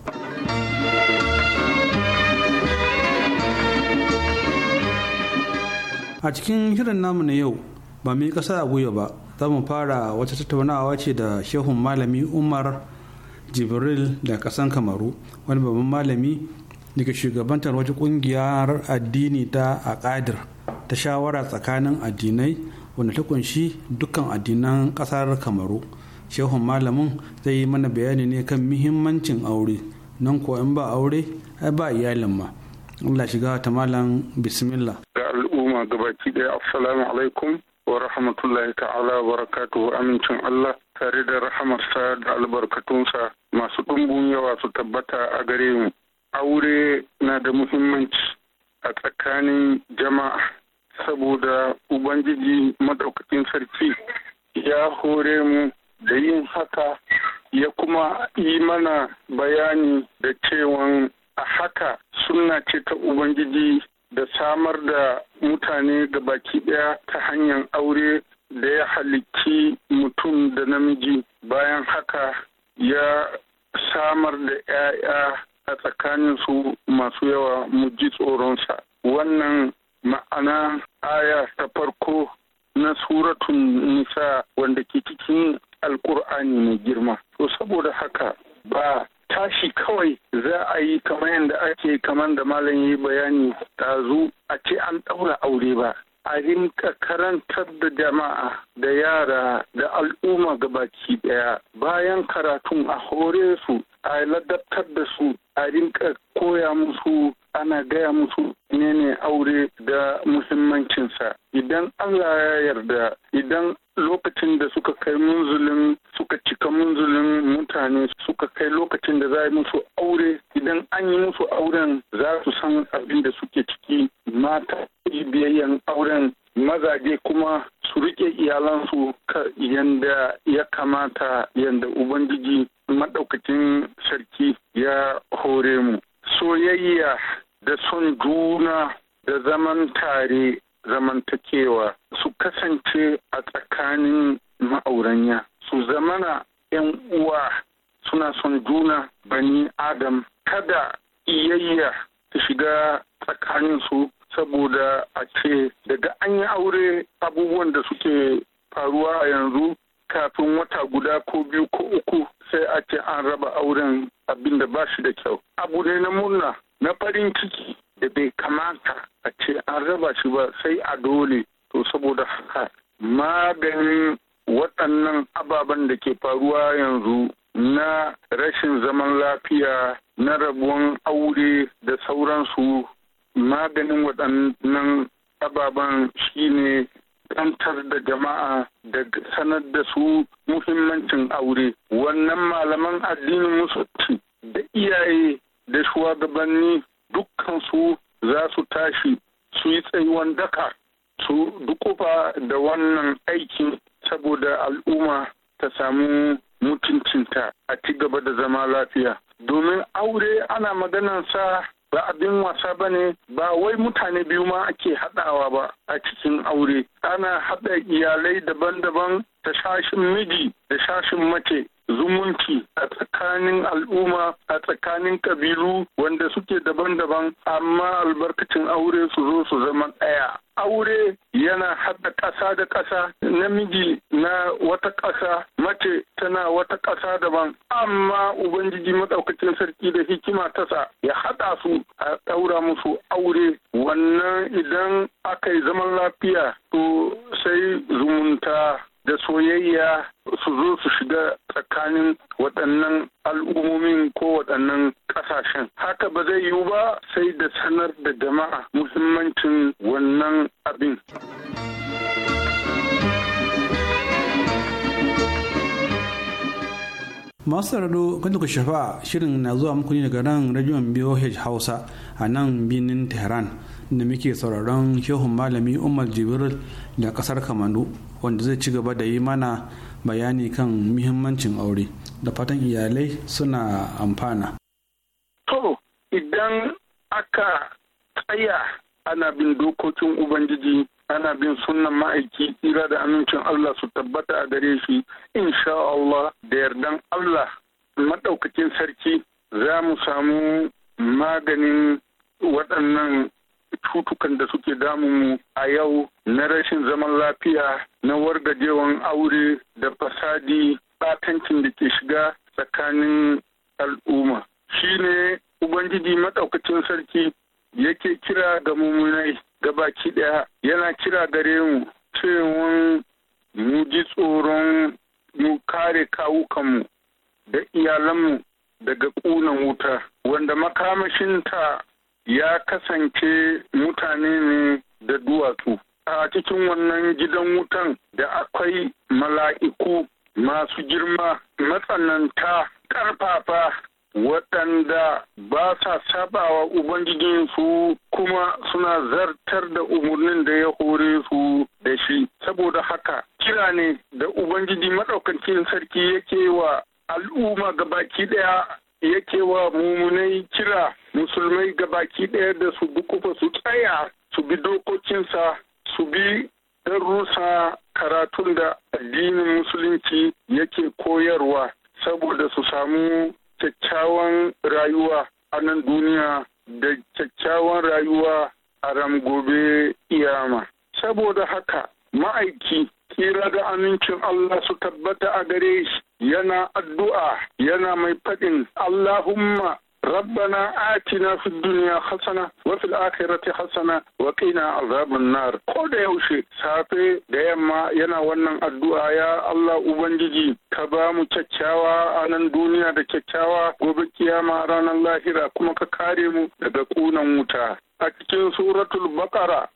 a cikin shirin namu na yau ba mu yi ƙasa a gwiwa ba za mu fara wata tattaunawa ce da shehun malami umar jibril da ƙasan kamaru wani babban malami daga shugabantar wata ƙungiyar addini ta akadir ta shawara tsakanin addinai wanda ta kunshi dukkan addinan kasar kamaru shehun malamin zai yi mana bayani ne kan muhimmancin aure nan ko in ba aure ai ba iyalin ma Allah shiga ta malam bismillah ga al'umma gabaki daya assalamu alaikum wa rahmatullahi ta'ala wa barakatuhu amincin Allah tare da rahamarsa da albarkatunsa masu ɗumbun yawa su tabbata a gare mu aure na da muhimmanci a tsakanin jama'a saboda ubangiji madaukakin sarki ya hore mu da yin haka ya kuma yi mana bayani da cewan a haka suna ce ta ubangiji da samar da mutane da baki ɗaya ta hanyar aure da ya halicci mutum da namiji bayan haka ya samar da 'ya'ya a tsakaninsu masu yawa mu ji tsoronsa wannan ma'ana aya ta farko na suratun nisa wanda ke cikin alkur'ani mai girma to saboda haka ba tashi kawai za a yi kamar yadda ake kamar da malam yi bayani zu a ce an ɗaura aure ba a rinka karantar da jama'a da yara da al'umma ga baki daya bayan karatun a hore su a ladabtar da su a rinka koya musu ana gaya musu ne ne aure da muhimmancinsa idan allah ya yarda idan lokacin da suka kai munzulin suka cika munzulin mutane suka kai lokacin da za yi musu aure idan an yi musu auren za su san abin da suke ciki mata biyayyan auren mazaje kuma su rike iyalansu yadda ya kamata yadda ubangiji maɗaukacin sarki ya hore mu soyayya da son juna da zaman tare zamantakewa su kasance a tsakanin ma'auranya su zamana 'yan uwa suna son juna bani adam kada iyayya ta shiga tsakaninsu saboda a ce daga an yi aure abubuwan da suke faruwa a yanzu kafin wata guda ko biyu ko uku sai a ce an raba auren abin da ba shi da kyau abu ne na murna na farin ciki da bai kamata a ce an raba shi ba sai a dole to saboda haka maganin waɗannan ababen da ke faruwa yanzu na rashin zaman lafiya na rabuwan aure da sauransu maganin waɗannan ababen shine kantar da jama'a da sanar da su muhimmancin aure wannan malaman addinin musulunci da iyaye da shugabanni dukkansu za su tashi su yi tsayuwan daka su dukufa da wannan aikin saboda al'umma ta samu mutuncinta a ci gaba da zama lafiya domin aure ana maganansa ba abin wasa ba ne ba wai mutane biyu ma ake haɗawa ba a cikin aure ana haɗa iyalai daban-daban da sashin miji da sashin mace zumunci a tsakanin al'umma a tsakanin kabilu wanda suke daban-daban amma albarkacin aure su zo su zama ɗaya aure yana haɗa ƙasa da ƙasa namiji na wata ƙasa mace tana wata ƙasa daban amma ubangiji maɗaukacin sarki da hikima tasa ya haɗa su a ɗaura musu aure wannan idan aka yi zaman lafiya to sai zumunta da soyayya su zo su shiga tsakanin waɗannan al'ummomin ko waɗannan ƙasashen. Haka ba zai yiwu ba sai da sanar da jama'a muhimmancin wannan abin. masu sauraro kan ku shafa shirin na zuwa muku ne daga nan rajiyon boh hausa a nan binin tehran da muke sauraron shehu malami umar jibril da kasar kamanu wanda zai ci gaba da yi mana bayani kan muhimmancin aure da fatan iyalai suna amfana. To idan aka tsaya ana bin dokokin Ubangiji ana bin sunan ma'aiki tsira da amincin Allah su tabbata a gare shi insha Allah da yardan Allah maɗaukakin sarki za mu samu maganin waɗannan cutukan da suke damunmu a yau na rashin zaman lafiya na wargajewan aure da fasadi batancin da ke shiga tsakanin al'umma shi ne ubangiji maɗaukacin sarki yake kira ga mummunai baki ɗaya yana kira gare mu cewan mu ji tsoron mu kare kawukanmu da iyalanmu daga ƙunan wuta wanda makamashinta ya kasance mutane ne da duwatsu a cikin wannan gidan wutan da akwai mala'iku masu girma matsananta ƙarfafa waɗanda ba sa sabawa Ubangijinsu kuma suna zartar da umarnin da ya hore su da shi. Saboda haka, kira ne da Ubangiji maɗaukakin sarki yake wa al'umma gabaki ɗaya yake wa mummunai kira musulmai gabaki ɗaya da su bukufa su tsaya su bi dokokinsa su bi rusa karatun da addinin musulunci yake koyarwa saboda su samu kyakkyawan rayuwa a nan duniya da kyakkyawan rayuwa a gobe iyama. Saboda haka ma'aiki tsira da amincin Allah su tabbata a gare shi yana addu'a yana mai faɗin Allahumma rabbana atina fid dunya hasana wa fil akhirati hasana wa qina azaban nar ko da yaushe safe da yamma yana wannan addu'a ya Allah ubangiji ka ba mu kyakkyawa a nan duniya da kyakkyawa gobe kiyama ranar lahira kuma ka kare mu daga ƙunan wuta a cikin suratul bakara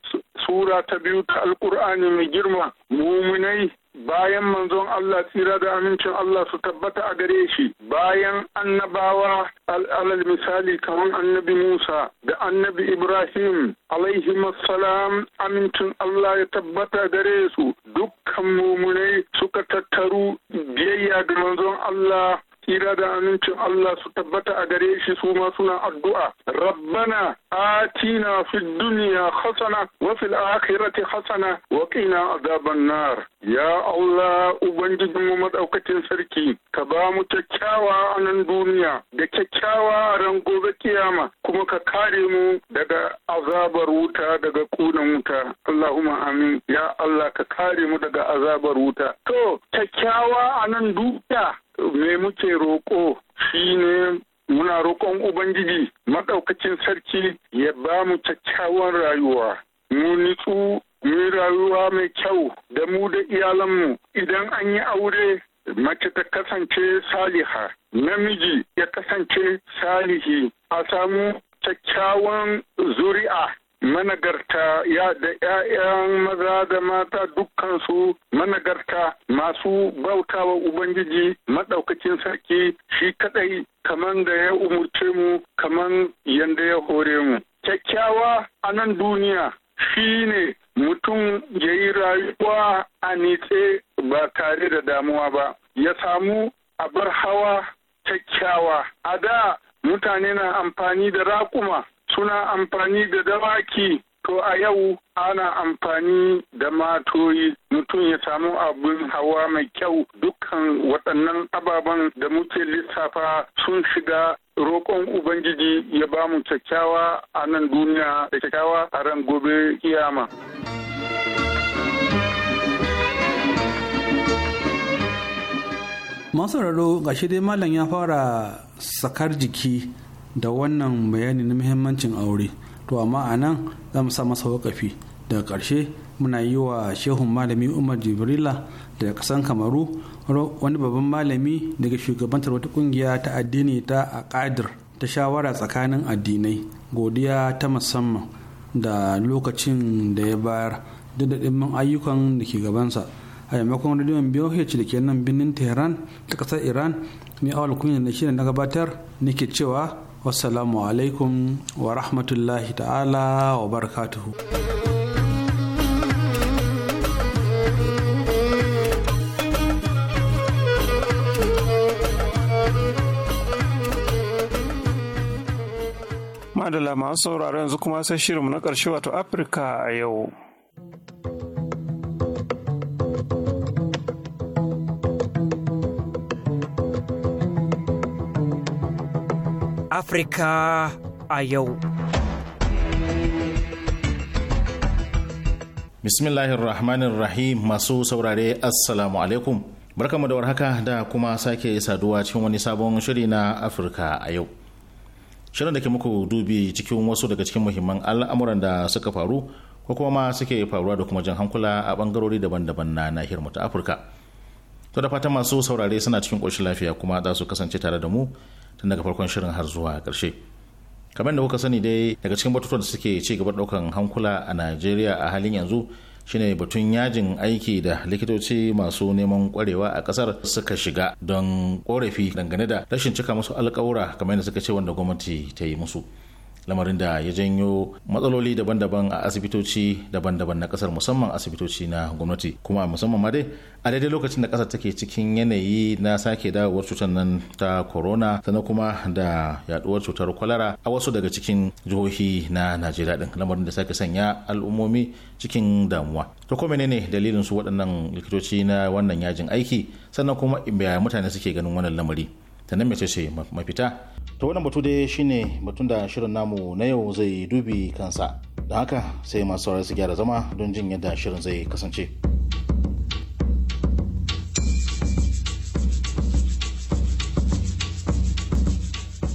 sura ta biyu ta alkur'ani mai girma muminai bayan manzon Allah tsira da amincin Allah su tabbata a gare shi bayan annabawa alal misali kamar annabi Musa da annabi Ibrahim alaihi salam amincin Allah ya tabbata gare su dukkan mumunai suka tattaru biyayya ga manzon Allah Kira da amincin Allah su tabbata a gare shi su ma suna addu'a rabbana atina fi duniya hasana wa fil akhirati hasana wa qina azaban nar ya Allah ubangijin mu madaukakin sarki ka ba mu kyakkyawa a nan duniya da kyakkyawa a ran gobe kiyama kuma ka kare mu daga azabar wuta daga kunan wuta Allahumma amin ya Allah ka kare mu daga azabar wuta to kyakkyawa a nan duniya me muke roƙo shine muna roƙon ubangiji maɗaukacin sarki ya ba mu kyakkyawan rayuwa mu nitsu mu rayuwa mai kyau da mu da iyalanmu idan an yi aure mace ta kasance saliha namiji ya kasance salihi a samu kyakkyawan zuri'a managarta ya da 'ya'yan maza da mata dukkansu managarta masu bautawa ubangiji maɗaukacin sarki shi kaɗai kaman da ya umurce mu kaman yanda ya hore mu kyakkyawa a nan duniya shi ne mutum ya yi rayuwa a nitse ba tare da damuwa ba ya samu abar hawa kyakkyawa a da mutane na amfani da raƙuma suna amfani da dawaki To a yau ana amfani da matoyi mutum ya samu abin hawa mai kyau dukkan waɗannan ababen da muke lissafa sun shiga roƙon Ubangiji ya ba mu kyakkyawa a nan duniya da kyakkyawa a ran gobe kiyama. masu raro gashi dai malam ya fara sakar jiki da wannan bayani na muhimmancin aure to amma a nan za mu sa masa wakafi daga ƙarshe muna yi wa shehun malami umar jibrila daga ƙasan kamaru wani babban malami daga shugabantar wata ƙungiya ta addini ta akadir ta shawara tsakanin addinai godiya ta musamman da lokacin da ya bayar da ayyukan da ke gabansa a yamakon rediyon BOH da ke nan birnin Tehran ta ƙasar Iran ni awal kunya na shirin na gabatar nake cewa wassalamu alaikum wa rahmatullahi ta'ala wa barakatuhu madala masu sauraro yanzu kuma sai shirinmu na karshe wato afirka a yau Afirka a yau. Bismillahirrahmanirrahim masu saurare Assalamu alaikum. Barkamu da warhaka da kuma sake saduwa cikin wani sabon shiri na Afirka a yau. Shirin da ke muku dubi cikin wasu daga cikin muhimman al'amuran da suka faru ko kuma ma suke faruwa da kuma jan hankula a bangarori daban-daban na nahiyar mu ta Afirka. To da fatan masu saurare suna cikin ƙoshin lafiya kuma za su kasance tare da mu tun daga farkon shirin har zuwa ƙarshe kamar da kuka sani dai daga cikin batutuwan da suke ci gaba ɗaukan hankula a najeriya a halin yanzu shine batun yajin aiki da likitoci masu neman kwarewa a ƙasar suka shiga don ƙorafi dangane da rashin cika musu alƙawura kamar da suka ce wanda gwamnati ta yi musu lamarin da ya janyo matsaloli daban-daban a asibitoci daban-daban na kasar musamman asibitoci na gwamnati kuma musamman ma dai a daidai lokacin da kasar take cikin yanayi na sake dawowar cutar nan ta corona sannan kuma da yaduwar cutar kwalara a wasu daga cikin jihohi na najeriya din lamarin da sake sanya al'ummomi cikin damuwa to ko menene dalilin su waɗannan likitoci na wannan yajin aiki sannan kuma mutane suke ganin wannan lamari ta nan mace ce mafita ta wannan batu dai shine batun da shirin namu na yau zai dubi kansa don haka sai masu saurari su gyara zama don jin yadda shirin zai kasance.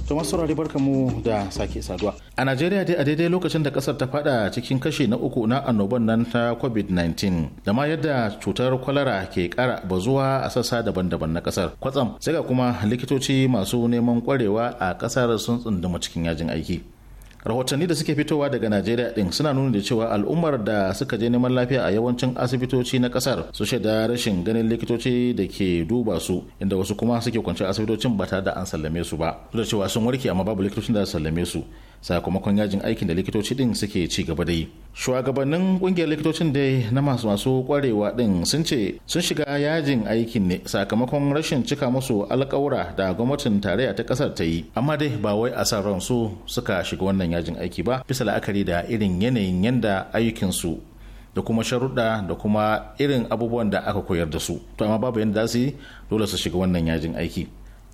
To masu saurari barka mu da sake saduwa. A Najeriya dai a daidai lokacin da kasar ta fada cikin kashi na uku na annoban nan ta COVID-19 da ma yadda cutar kwalara ke kara bazuwa a sassa daban-daban na kasar. Kwatsam sai ga kuma likitoci masu neman kwarewa a kasar sun tsunduma cikin yajin aiki. rahotanni da suke fitowa daga najeriya din suna nuna da cewa al'ummar da suka je neman lafiya a yawancin asibitoci na kasar su shaida rashin ganin likitoci da ke duba su inda wasu kuma suke kwanci asibitocin ba tare da an sallame su ba duk da cewa sun warke amma babu likitocin da sallame su sakamakon yajin aikin da likitoci din suke ci gaba da yi shugabannin kungiyar likitocin dai na masu masu kwarewa din sun ce sun shiga yajin aikin ne sakamakon rashin cika musu alkawura da gwamnatin tarayya ta kasar ta yi amma dai ba wai a san ransu suka shiga wannan yajin aiki ba bisa la'akari da irin yanayin yanda su da kuma sharuɗa da kuma irin abubuwan da aka koyar da su to amma babu yadda za su yi dole su shiga wannan yajin aiki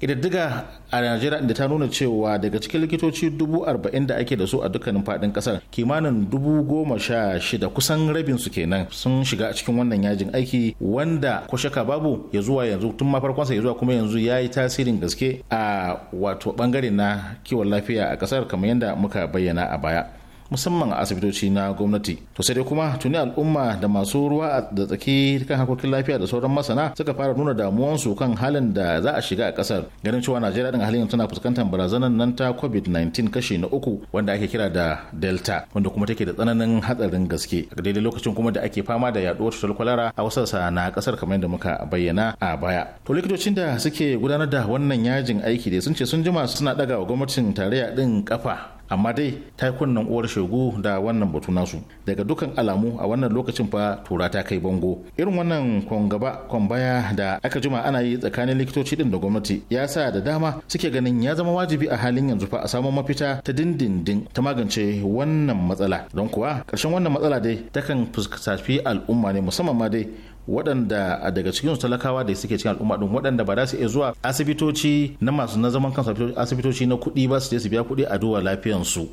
kididdiga a najeriya da ta nuna cewa daga cikin likitoci dubu arba'in da ake da su a dukkanin fadin kasar kimanin dubu goma sha shida kusan rabin su kenan sun shiga cikin wannan yajin aiki wanda ko shaka babu ya zuwa yanzu tun ma farkonsa ya zuwa kuma yanzu ya yi tasirin gaske a wato bangare na kiwon lafiya a kasar kamar yadda muka bayyana a baya musamman a asibitoci na gwamnati to sai dai kuma tuni al'umma da masu ruwa da tsaki kan harkokin lafiya da sauran masana suka fara nuna damuwansu kan halin da za a shiga a kasar ganin cewa najeriya din halin tana fuskantar barazanar nan ta covid-19 kashi na uku wanda ake kira da delta wanda kuma take da tsananin hatsarin gaske a daidai lokacin kuma da ake fama da yaduwar cutar kwalara a wasu sassa na kasar kamar yadda muka bayyana a baya to likitocin da suke gudanar da wannan yajin aiki da sun ce sun jima suna daga wa gwamnatin tarayya din kafa amma dai ta kunnen uwar shegu da wannan batu nasu daga dukan alamu a wannan lokacin fa tura ta kai bango irin wannan kon gaba kon baya da aka jima ana yi tsakanin likitoci din da gwamnati ya sa da dama suke ganin ya zama wajibi a halin yanzu fa a samu mafita ta dindindin ta magance wannan matsala don kuwa ƙarshen wannan matsala dai takan fuskanci al'umma ne musamman ma dai waɗanda daga cikin talakawa da suke cikin al'umma ɗin waɗanda ba za su iya zuwa asibitoci na masu na zaman kansu asibitoci na kuɗi ba su je su biya kuɗi a duba lafiyansu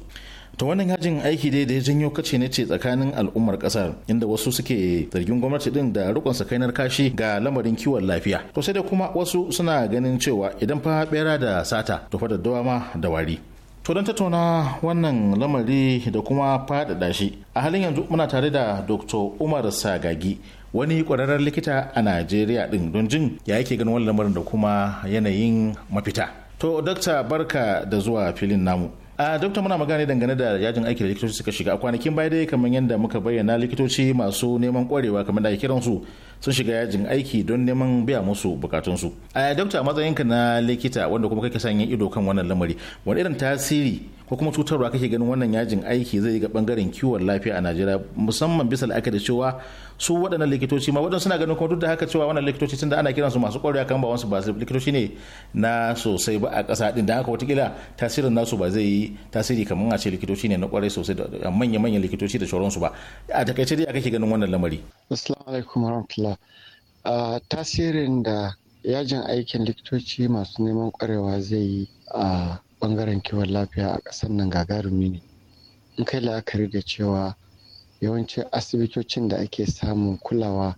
to wannan yajin aiki dai da ya janyo kace ne ce tsakanin al'ummar kasar inda wasu suke zargin gwamnati din da rukun kainar kashi ga lamarin kiwon lafiya to sai da kuma wasu suna ganin cewa idan fa bera da sata to fa da ma da wari to don tattauna wannan lamari da kuma faɗaɗa shi a halin yanzu muna tare da dr umar sagagi wani kwararren likita a najeriya din don jin ya yake ganin wani lamarin da kuma yanayin mafita to dokta barka da zuwa filin namu a dokta muna magana dangane da yajin aiki da likitoci suka shiga a kwanakin baya dai kamar yadda muka bayyana likitoci masu neman kwarewa kamar da kiran su sun shiga yajin aiki don neman biya musu bukatun su a dokta matsayinka na likita wanda kuma kake sanya ido kan wannan lamari wani irin tasiri ko kuma cutarwa kake ganin wannan yajin aiki zai ga bangaren kiwon lafiya a najeriya musamman bisa la'akari cewa su waɗannan likitoci ma waɗansu suna ganin kuma duk da haka cewa wannan likitoci tunda ana kiransu masu ƙwarewa kan ba wasu ba likitoci ne na sosai ba a ƙasa din da haka watakila tasirin nasu ba zai yi tasiri kamar a ce likitoci ne na ƙwarai sosai da manya-manyan likitoci da sauransu ba a takaice dai kake ganin wannan lamari. assalamu alaikum warahmatullah tasirin da yajin aikin likitoci masu neman ƙwarewa zai yi a bangaren kiwon lafiya a ƙasar nan gagarumi ne in kai la'akari da cewa yawancin asibitocin da ake samun kulawa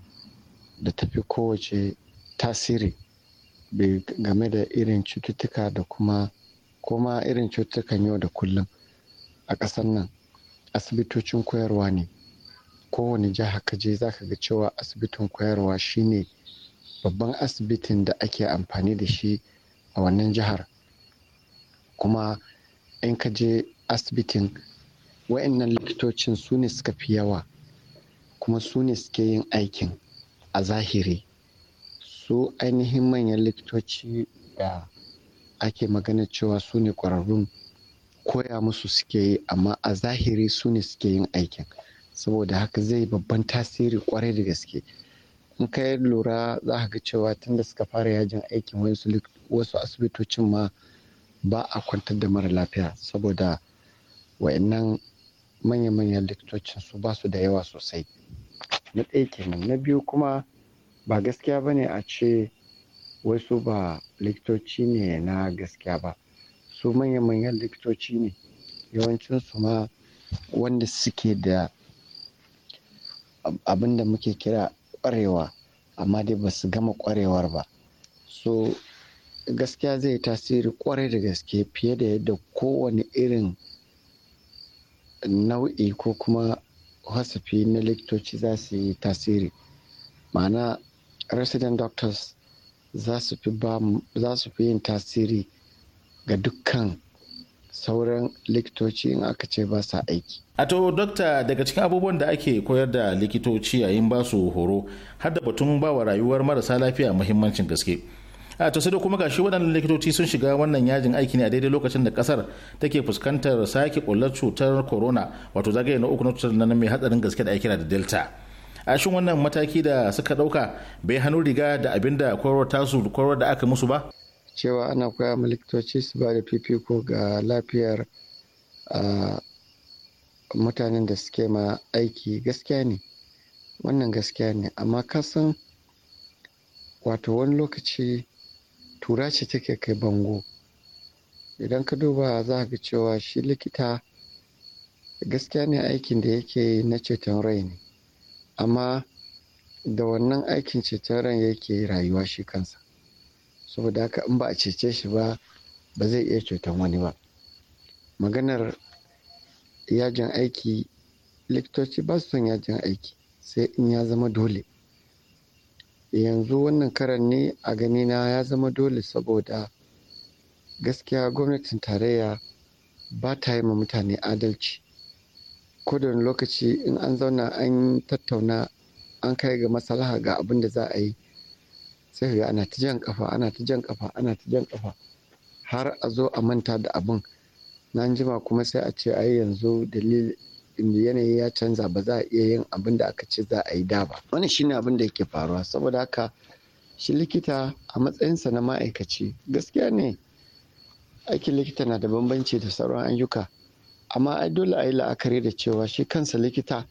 da tafi kowace tasiri game da irin cututtuka da kuma koma irin cututtukan yau da kullum a ƙasar nan asibitocin koyarwa ne kowane jiha ka je za ka ga cewa asibitin koyarwa shine babban asibitin da ake amfani da shi a wannan jihar kuma in ka je asibitin wa'annan likitocin su ne suka fi yawa kuma su ne suke yin aikin a zahiri su ainihin manyan likitoci da ake magana cewa su ne ƙwararrun koya musu suke yi amma a zahiri su ne suke yin aikin saboda haka zai babban tasiri kwarai da gaske in ka lura za ka ga cewa tun da suka fara yajin aikin wasu asibitocin ma ba a kwantar da mara lafiya saboda wa'annan manya-manyan likitocin su ba su da yawa sosai na ɗaya kenan na biyu kuma ba gaskiya ba ne a ce wai su ba likitoci ne na gaskiya ba su manya-manyan likitoci ne yawancin su ma wanda suke da abinda muke kira ƙwarewa amma dai ba su gama ƙwarewar ba so gaskiya zai tasiri kwarai da gaske fiye da yadda kowane irin nau'i ko kuma hasafi na likitoci za su yi tasiri ma'ana resident doctors za su fi yin tasiri ga dukkan sauran likitoci in aka ce ba sa aiki. A to dokta daga cikin abubuwan da ake koyar da likitoci yayin ba su horo har da batun ba wa rayuwar marasa lafiya muhimmancin gaske. a to sai da kuma gashi waɗannan likitoci sun shiga wannan yajin aiki ne a daidai lokacin da kasar take fuskantar sake kullar cutar corona wato zagaye na uku na cutar nan mai hatsarin gaske da ake kira da delta a shin wannan mataki da suka ɗauka bai hannu riga da abinda da tasu koyarwar da aka musu ba cewa ana koya ma likitoci su ba da fifiko ga lafiyar mutanen da suke ma aiki gaskiya ne wannan gaskiya ne amma kasan wato wani lokaci tura ce take kai bango idan ka duba za ga cewa shi likita gaskiya ne aikin da yake na ceton rai ne amma da wannan aikin ceton rai yake rayuwa shi kansa saboda haka in ba a cece shi ba ba zai iya ceton wani ba maganar yajin aiki likitoci ba su son yajin aiki sai in ya zama dole yanzu wannan karan ne a ganina ya zama dole saboda gaskiya gwamnatin tarayya ba ta yi ma mutane adalci kodin lokaci in an zauna an tattauna an kai ga masalaha ga abin da za a yi sai ga ana ta jan kafa ana ta jan kafa ana ta jan kafa har a zo a manta da abin na jima kuma sai a ce ai yanzu dalili yanayi ya canza ba za a iya yin abin da aka ce za a yi da ba wannan shine abin da yake faruwa saboda haka shi likita a matsayinsa na ma'aikaci gaskiya ne aikin likita na da bambanci da sauran ayyuka amma ai dole a yi la'akari da cewa shi kansa likita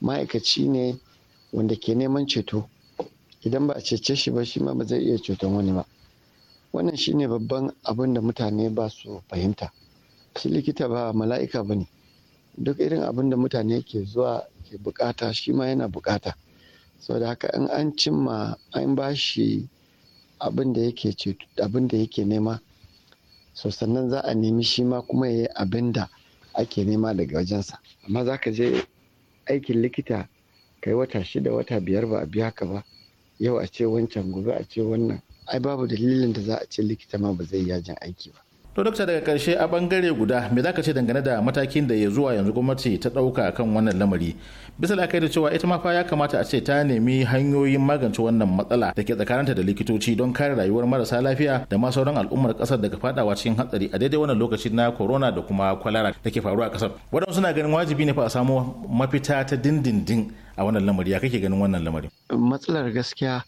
ma'aikaci ne wanda ke neman ceto idan ba a cece shi ba shi ma ba zai iya ceton wani ba wannan shine babban abin da mutane ba su fahimta shi likita ba mala'ika ba ne duk irin abin da mutane ke zuwa ke bukata shi ma yana bukata saboda haka in an cimma an ba shi abin da yake nema so sannan za a nemi shi ma kuma ya yi abin da ake nema daga wajensa amma za ka je aikin likita ka yi wata shida wata biyar ba a biya ka ba yau a ce wancan gobe a ce wannan ai babu dalilin da za a ce likita ma ba zai yajin aiki ba to dokta daga karshe a bangare guda me za ka ce dangane da matakin da ya zuwa yanzu gwamnati ta dauka kan wannan lamari bisa la'akai da cewa ita ma fa ya kamata a ce ta nemi hanyoyin magance wannan matsala da ke tsakaninta da likitoci don kare rayuwar marasa lafiya da ma sauran al'ummar kasar daga fadawa cikin hatsari a daidai wannan lokaci na corona da kuma kwalara da ke faruwa a kasar waɗansu suna ganin wajibi ne fa a samo mafita ta dindindin a wannan lamari ya kake ganin wannan lamari matsalar gaskiya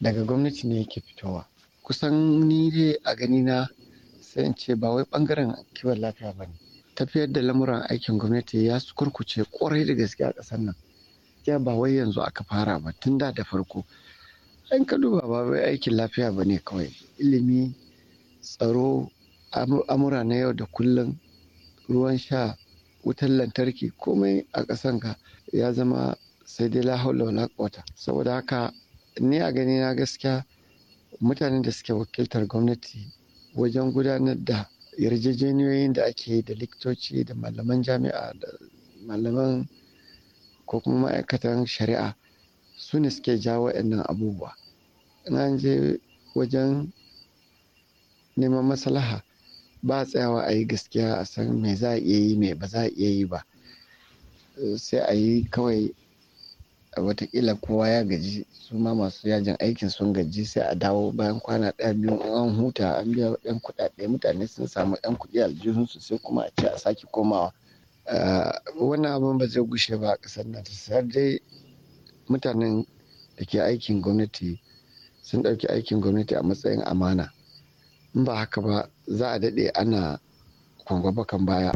daga gwamnati ne yake fitowa kusan ni dai a gani na sai in ce ba wai bangaren kiwon lafiya ba ne tafiyar da lamuran aikin gwamnati ya su kurkuce kwarai da gaske a ƙasar nan ya ba wai yanzu aka fara ba tun da da farko an ka duba ba wai aikin lafiya ba ne kawai ilimi tsaro amura na yau da kullum ruwan sha wutar lantarki komai a ƙasan ka ya zama sai dai lahaula wani kwata saboda haka ni a gani na gaskiya mutanen da suke wakiltar gwamnati wajen gudanar da yarjejeniyoyin da ake da likitoci da malaman jami'a da malaman ko kuma ma'aikatan shari'a su ne suke jawo nan abubuwa Na je wajen neman maslaha ba tsayawa a yi gaskiya a san me za a iya yi me ba za a iya yi ba sai a yi kawai watakila kowa ya gaji su ma masu yajin aikin sun gaji sai a dawo bayan kwana ɗaya biyu an huta an biya yan kuɗaɗe mutane sun samu yan kuɗi aljihunsu sai kuma a ce a sake komawa ah, wannan abin ba zai gushe ba a ƙasar nan sai dai mutanen da ke aikin gwamnati sun ɗauki aikin gwamnati a matsayin amana in ba haka ba za a daɗe ana kwangwaba kan baya.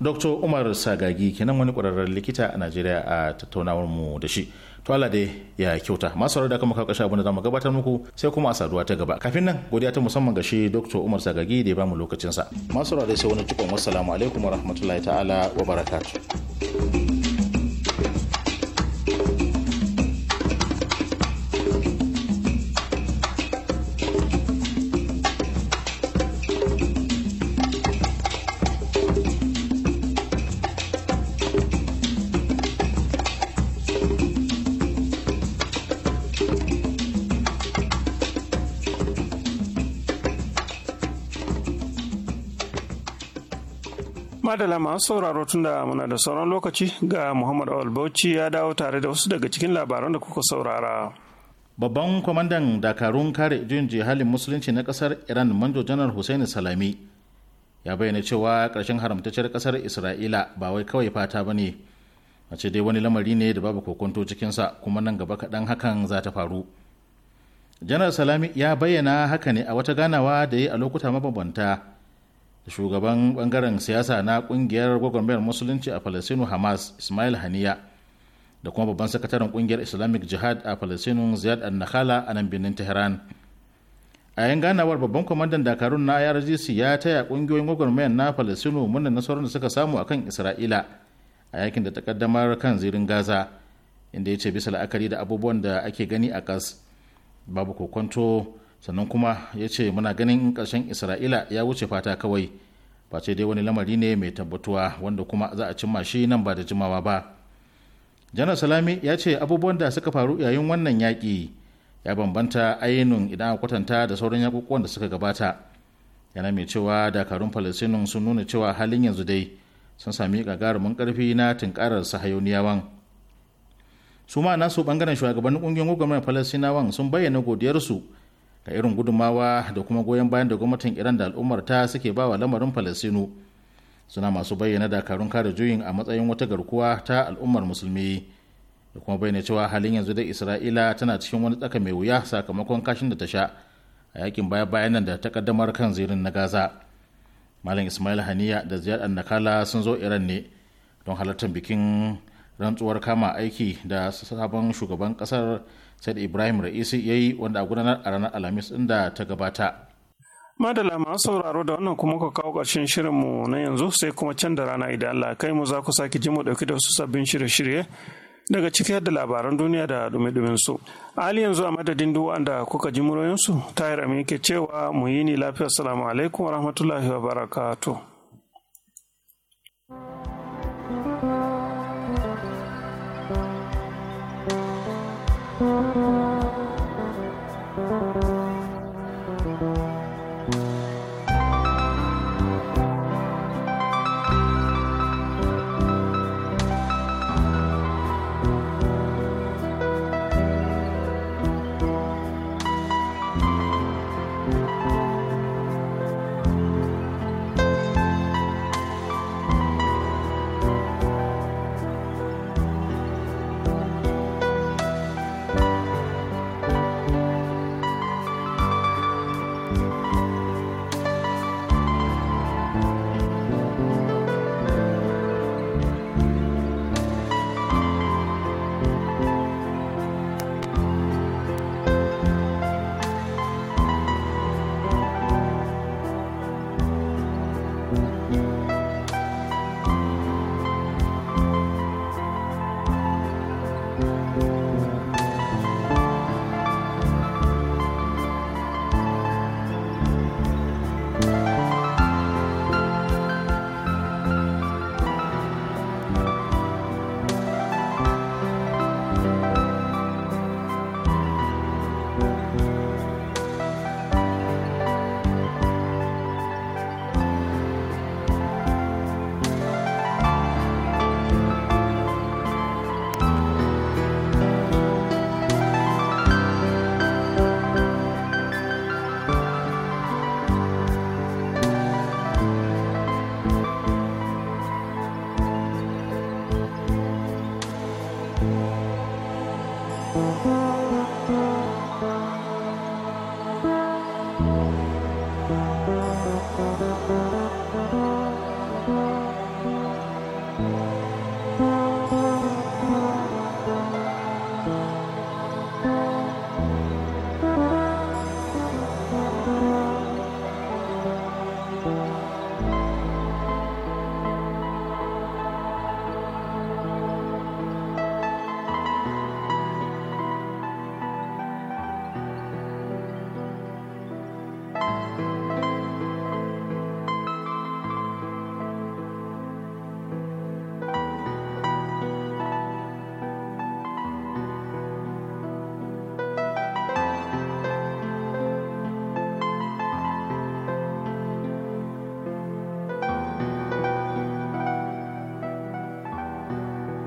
dr umar sagagi kenan wani kwararren likita a najeriya a tattaunawar mu da shi to Allah dai ya kyauta masu da kuma kawo kashe abunda zamu gabatar muku sai kuma a saduwa ta gaba kafin nan godiya ta musamman ga shi dr umar sagagi da ya bamu lokacinsa masu da sai wani cikon wassalamu alaikum wa rahmatullahi ta'ala wa barakatuh Madala masu sauraro tun da muna da sauran lokaci ga Muhammad Awal Bauchi ya dawo tare da wasu daga cikin labaran da kuka saurara. Babban kwamandan dakarun kare jin jihalin musulunci na kasar Iran Manjo Janar Hussein Salami ya bayyana cewa ƙarshen haramtacciyar kasar Isra'ila ba wai kawai fata ba ne. A ce dai wani lamari ne da babu kokonto cikinsa kuma nan gaba kaɗan hakan za ta faru. Janar Salami ya bayyana haka ne a wata ganawa da ya a lokuta mabambanta shugaban bangaren siyasa na kungiyar gwagwarmayar musulunci a falasinu hamas ismail haniya da kuma babban sakataren kungiyar islamic jihad a falasinu ziyad annakhala a nan birnin tehran a yan ganawar babban kwamandan dakarun na irgc ya taya kungiyoyin gwagwarmayar na falasinu murnar nasarar da suka samu akan isra'ila a yakin da takaddamar kan zirin gaza inda ya ce bisa la'akari da abubuwan da ake gani a kas babu kokonto sannan kuma ya ce muna ganin ƙarshen isra'ila ya wuce fata kawai ba ce dai wani lamari ne mai tabbatuwa wanda kuma za a cimma shi nan ba da jimawa ba janar salami ya ce abubuwan da suka faru yayin wannan yaƙi ya bambanta ainihin idan a kwatanta da sauran yakukuwan da suka gabata yana mai cewa dakarun falasinun sun nuna cewa halin yanzu dai sun sami gagarumin karfi na tunkarar sahayoniyawan su ma nasu bangaren shugabannin ƙungiyar gwamnatin falasinawan sun bayyana godiyarsu ga irin gudumawa da kuma goyon bayan da gwamnatin iran da al'ummar ta suke bawa lamarin falasinu suna masu bayyana dakarun kare juyin a matsayin wata garkuwa ta al'ummar musulmi da kuma bayyana cewa halin yanzu da isra'ila tana cikin wani tsaka mai wuya sakamakon kashin da ta sha a yakin baya bayan nan da ta kaddamar kan zirin na gaza malam ismail haniya da ziyad annakala sun zo iran ne don halartar bikin rantsuwar kama aiki da sabon shugaban kasar sai da ibrahim ra'isi ya yi wanda a gudanar a ranar alhamis inda da ta gabata madala masu sauraro da wannan kuma ka kawo ƙarshen mu na yanzu sai kuma can da rana idan allah kai mu za ku sake ji mu ɗauki da wasu sabbin shirye-shirye daga ciki da labaran duniya da dumi su hali yanzu a madadin duk wanda kuka ji muroyinsu tayar amin ke cewa mu yi ni lafiya salamu alaikum wa rahmatullahi wa barakatuh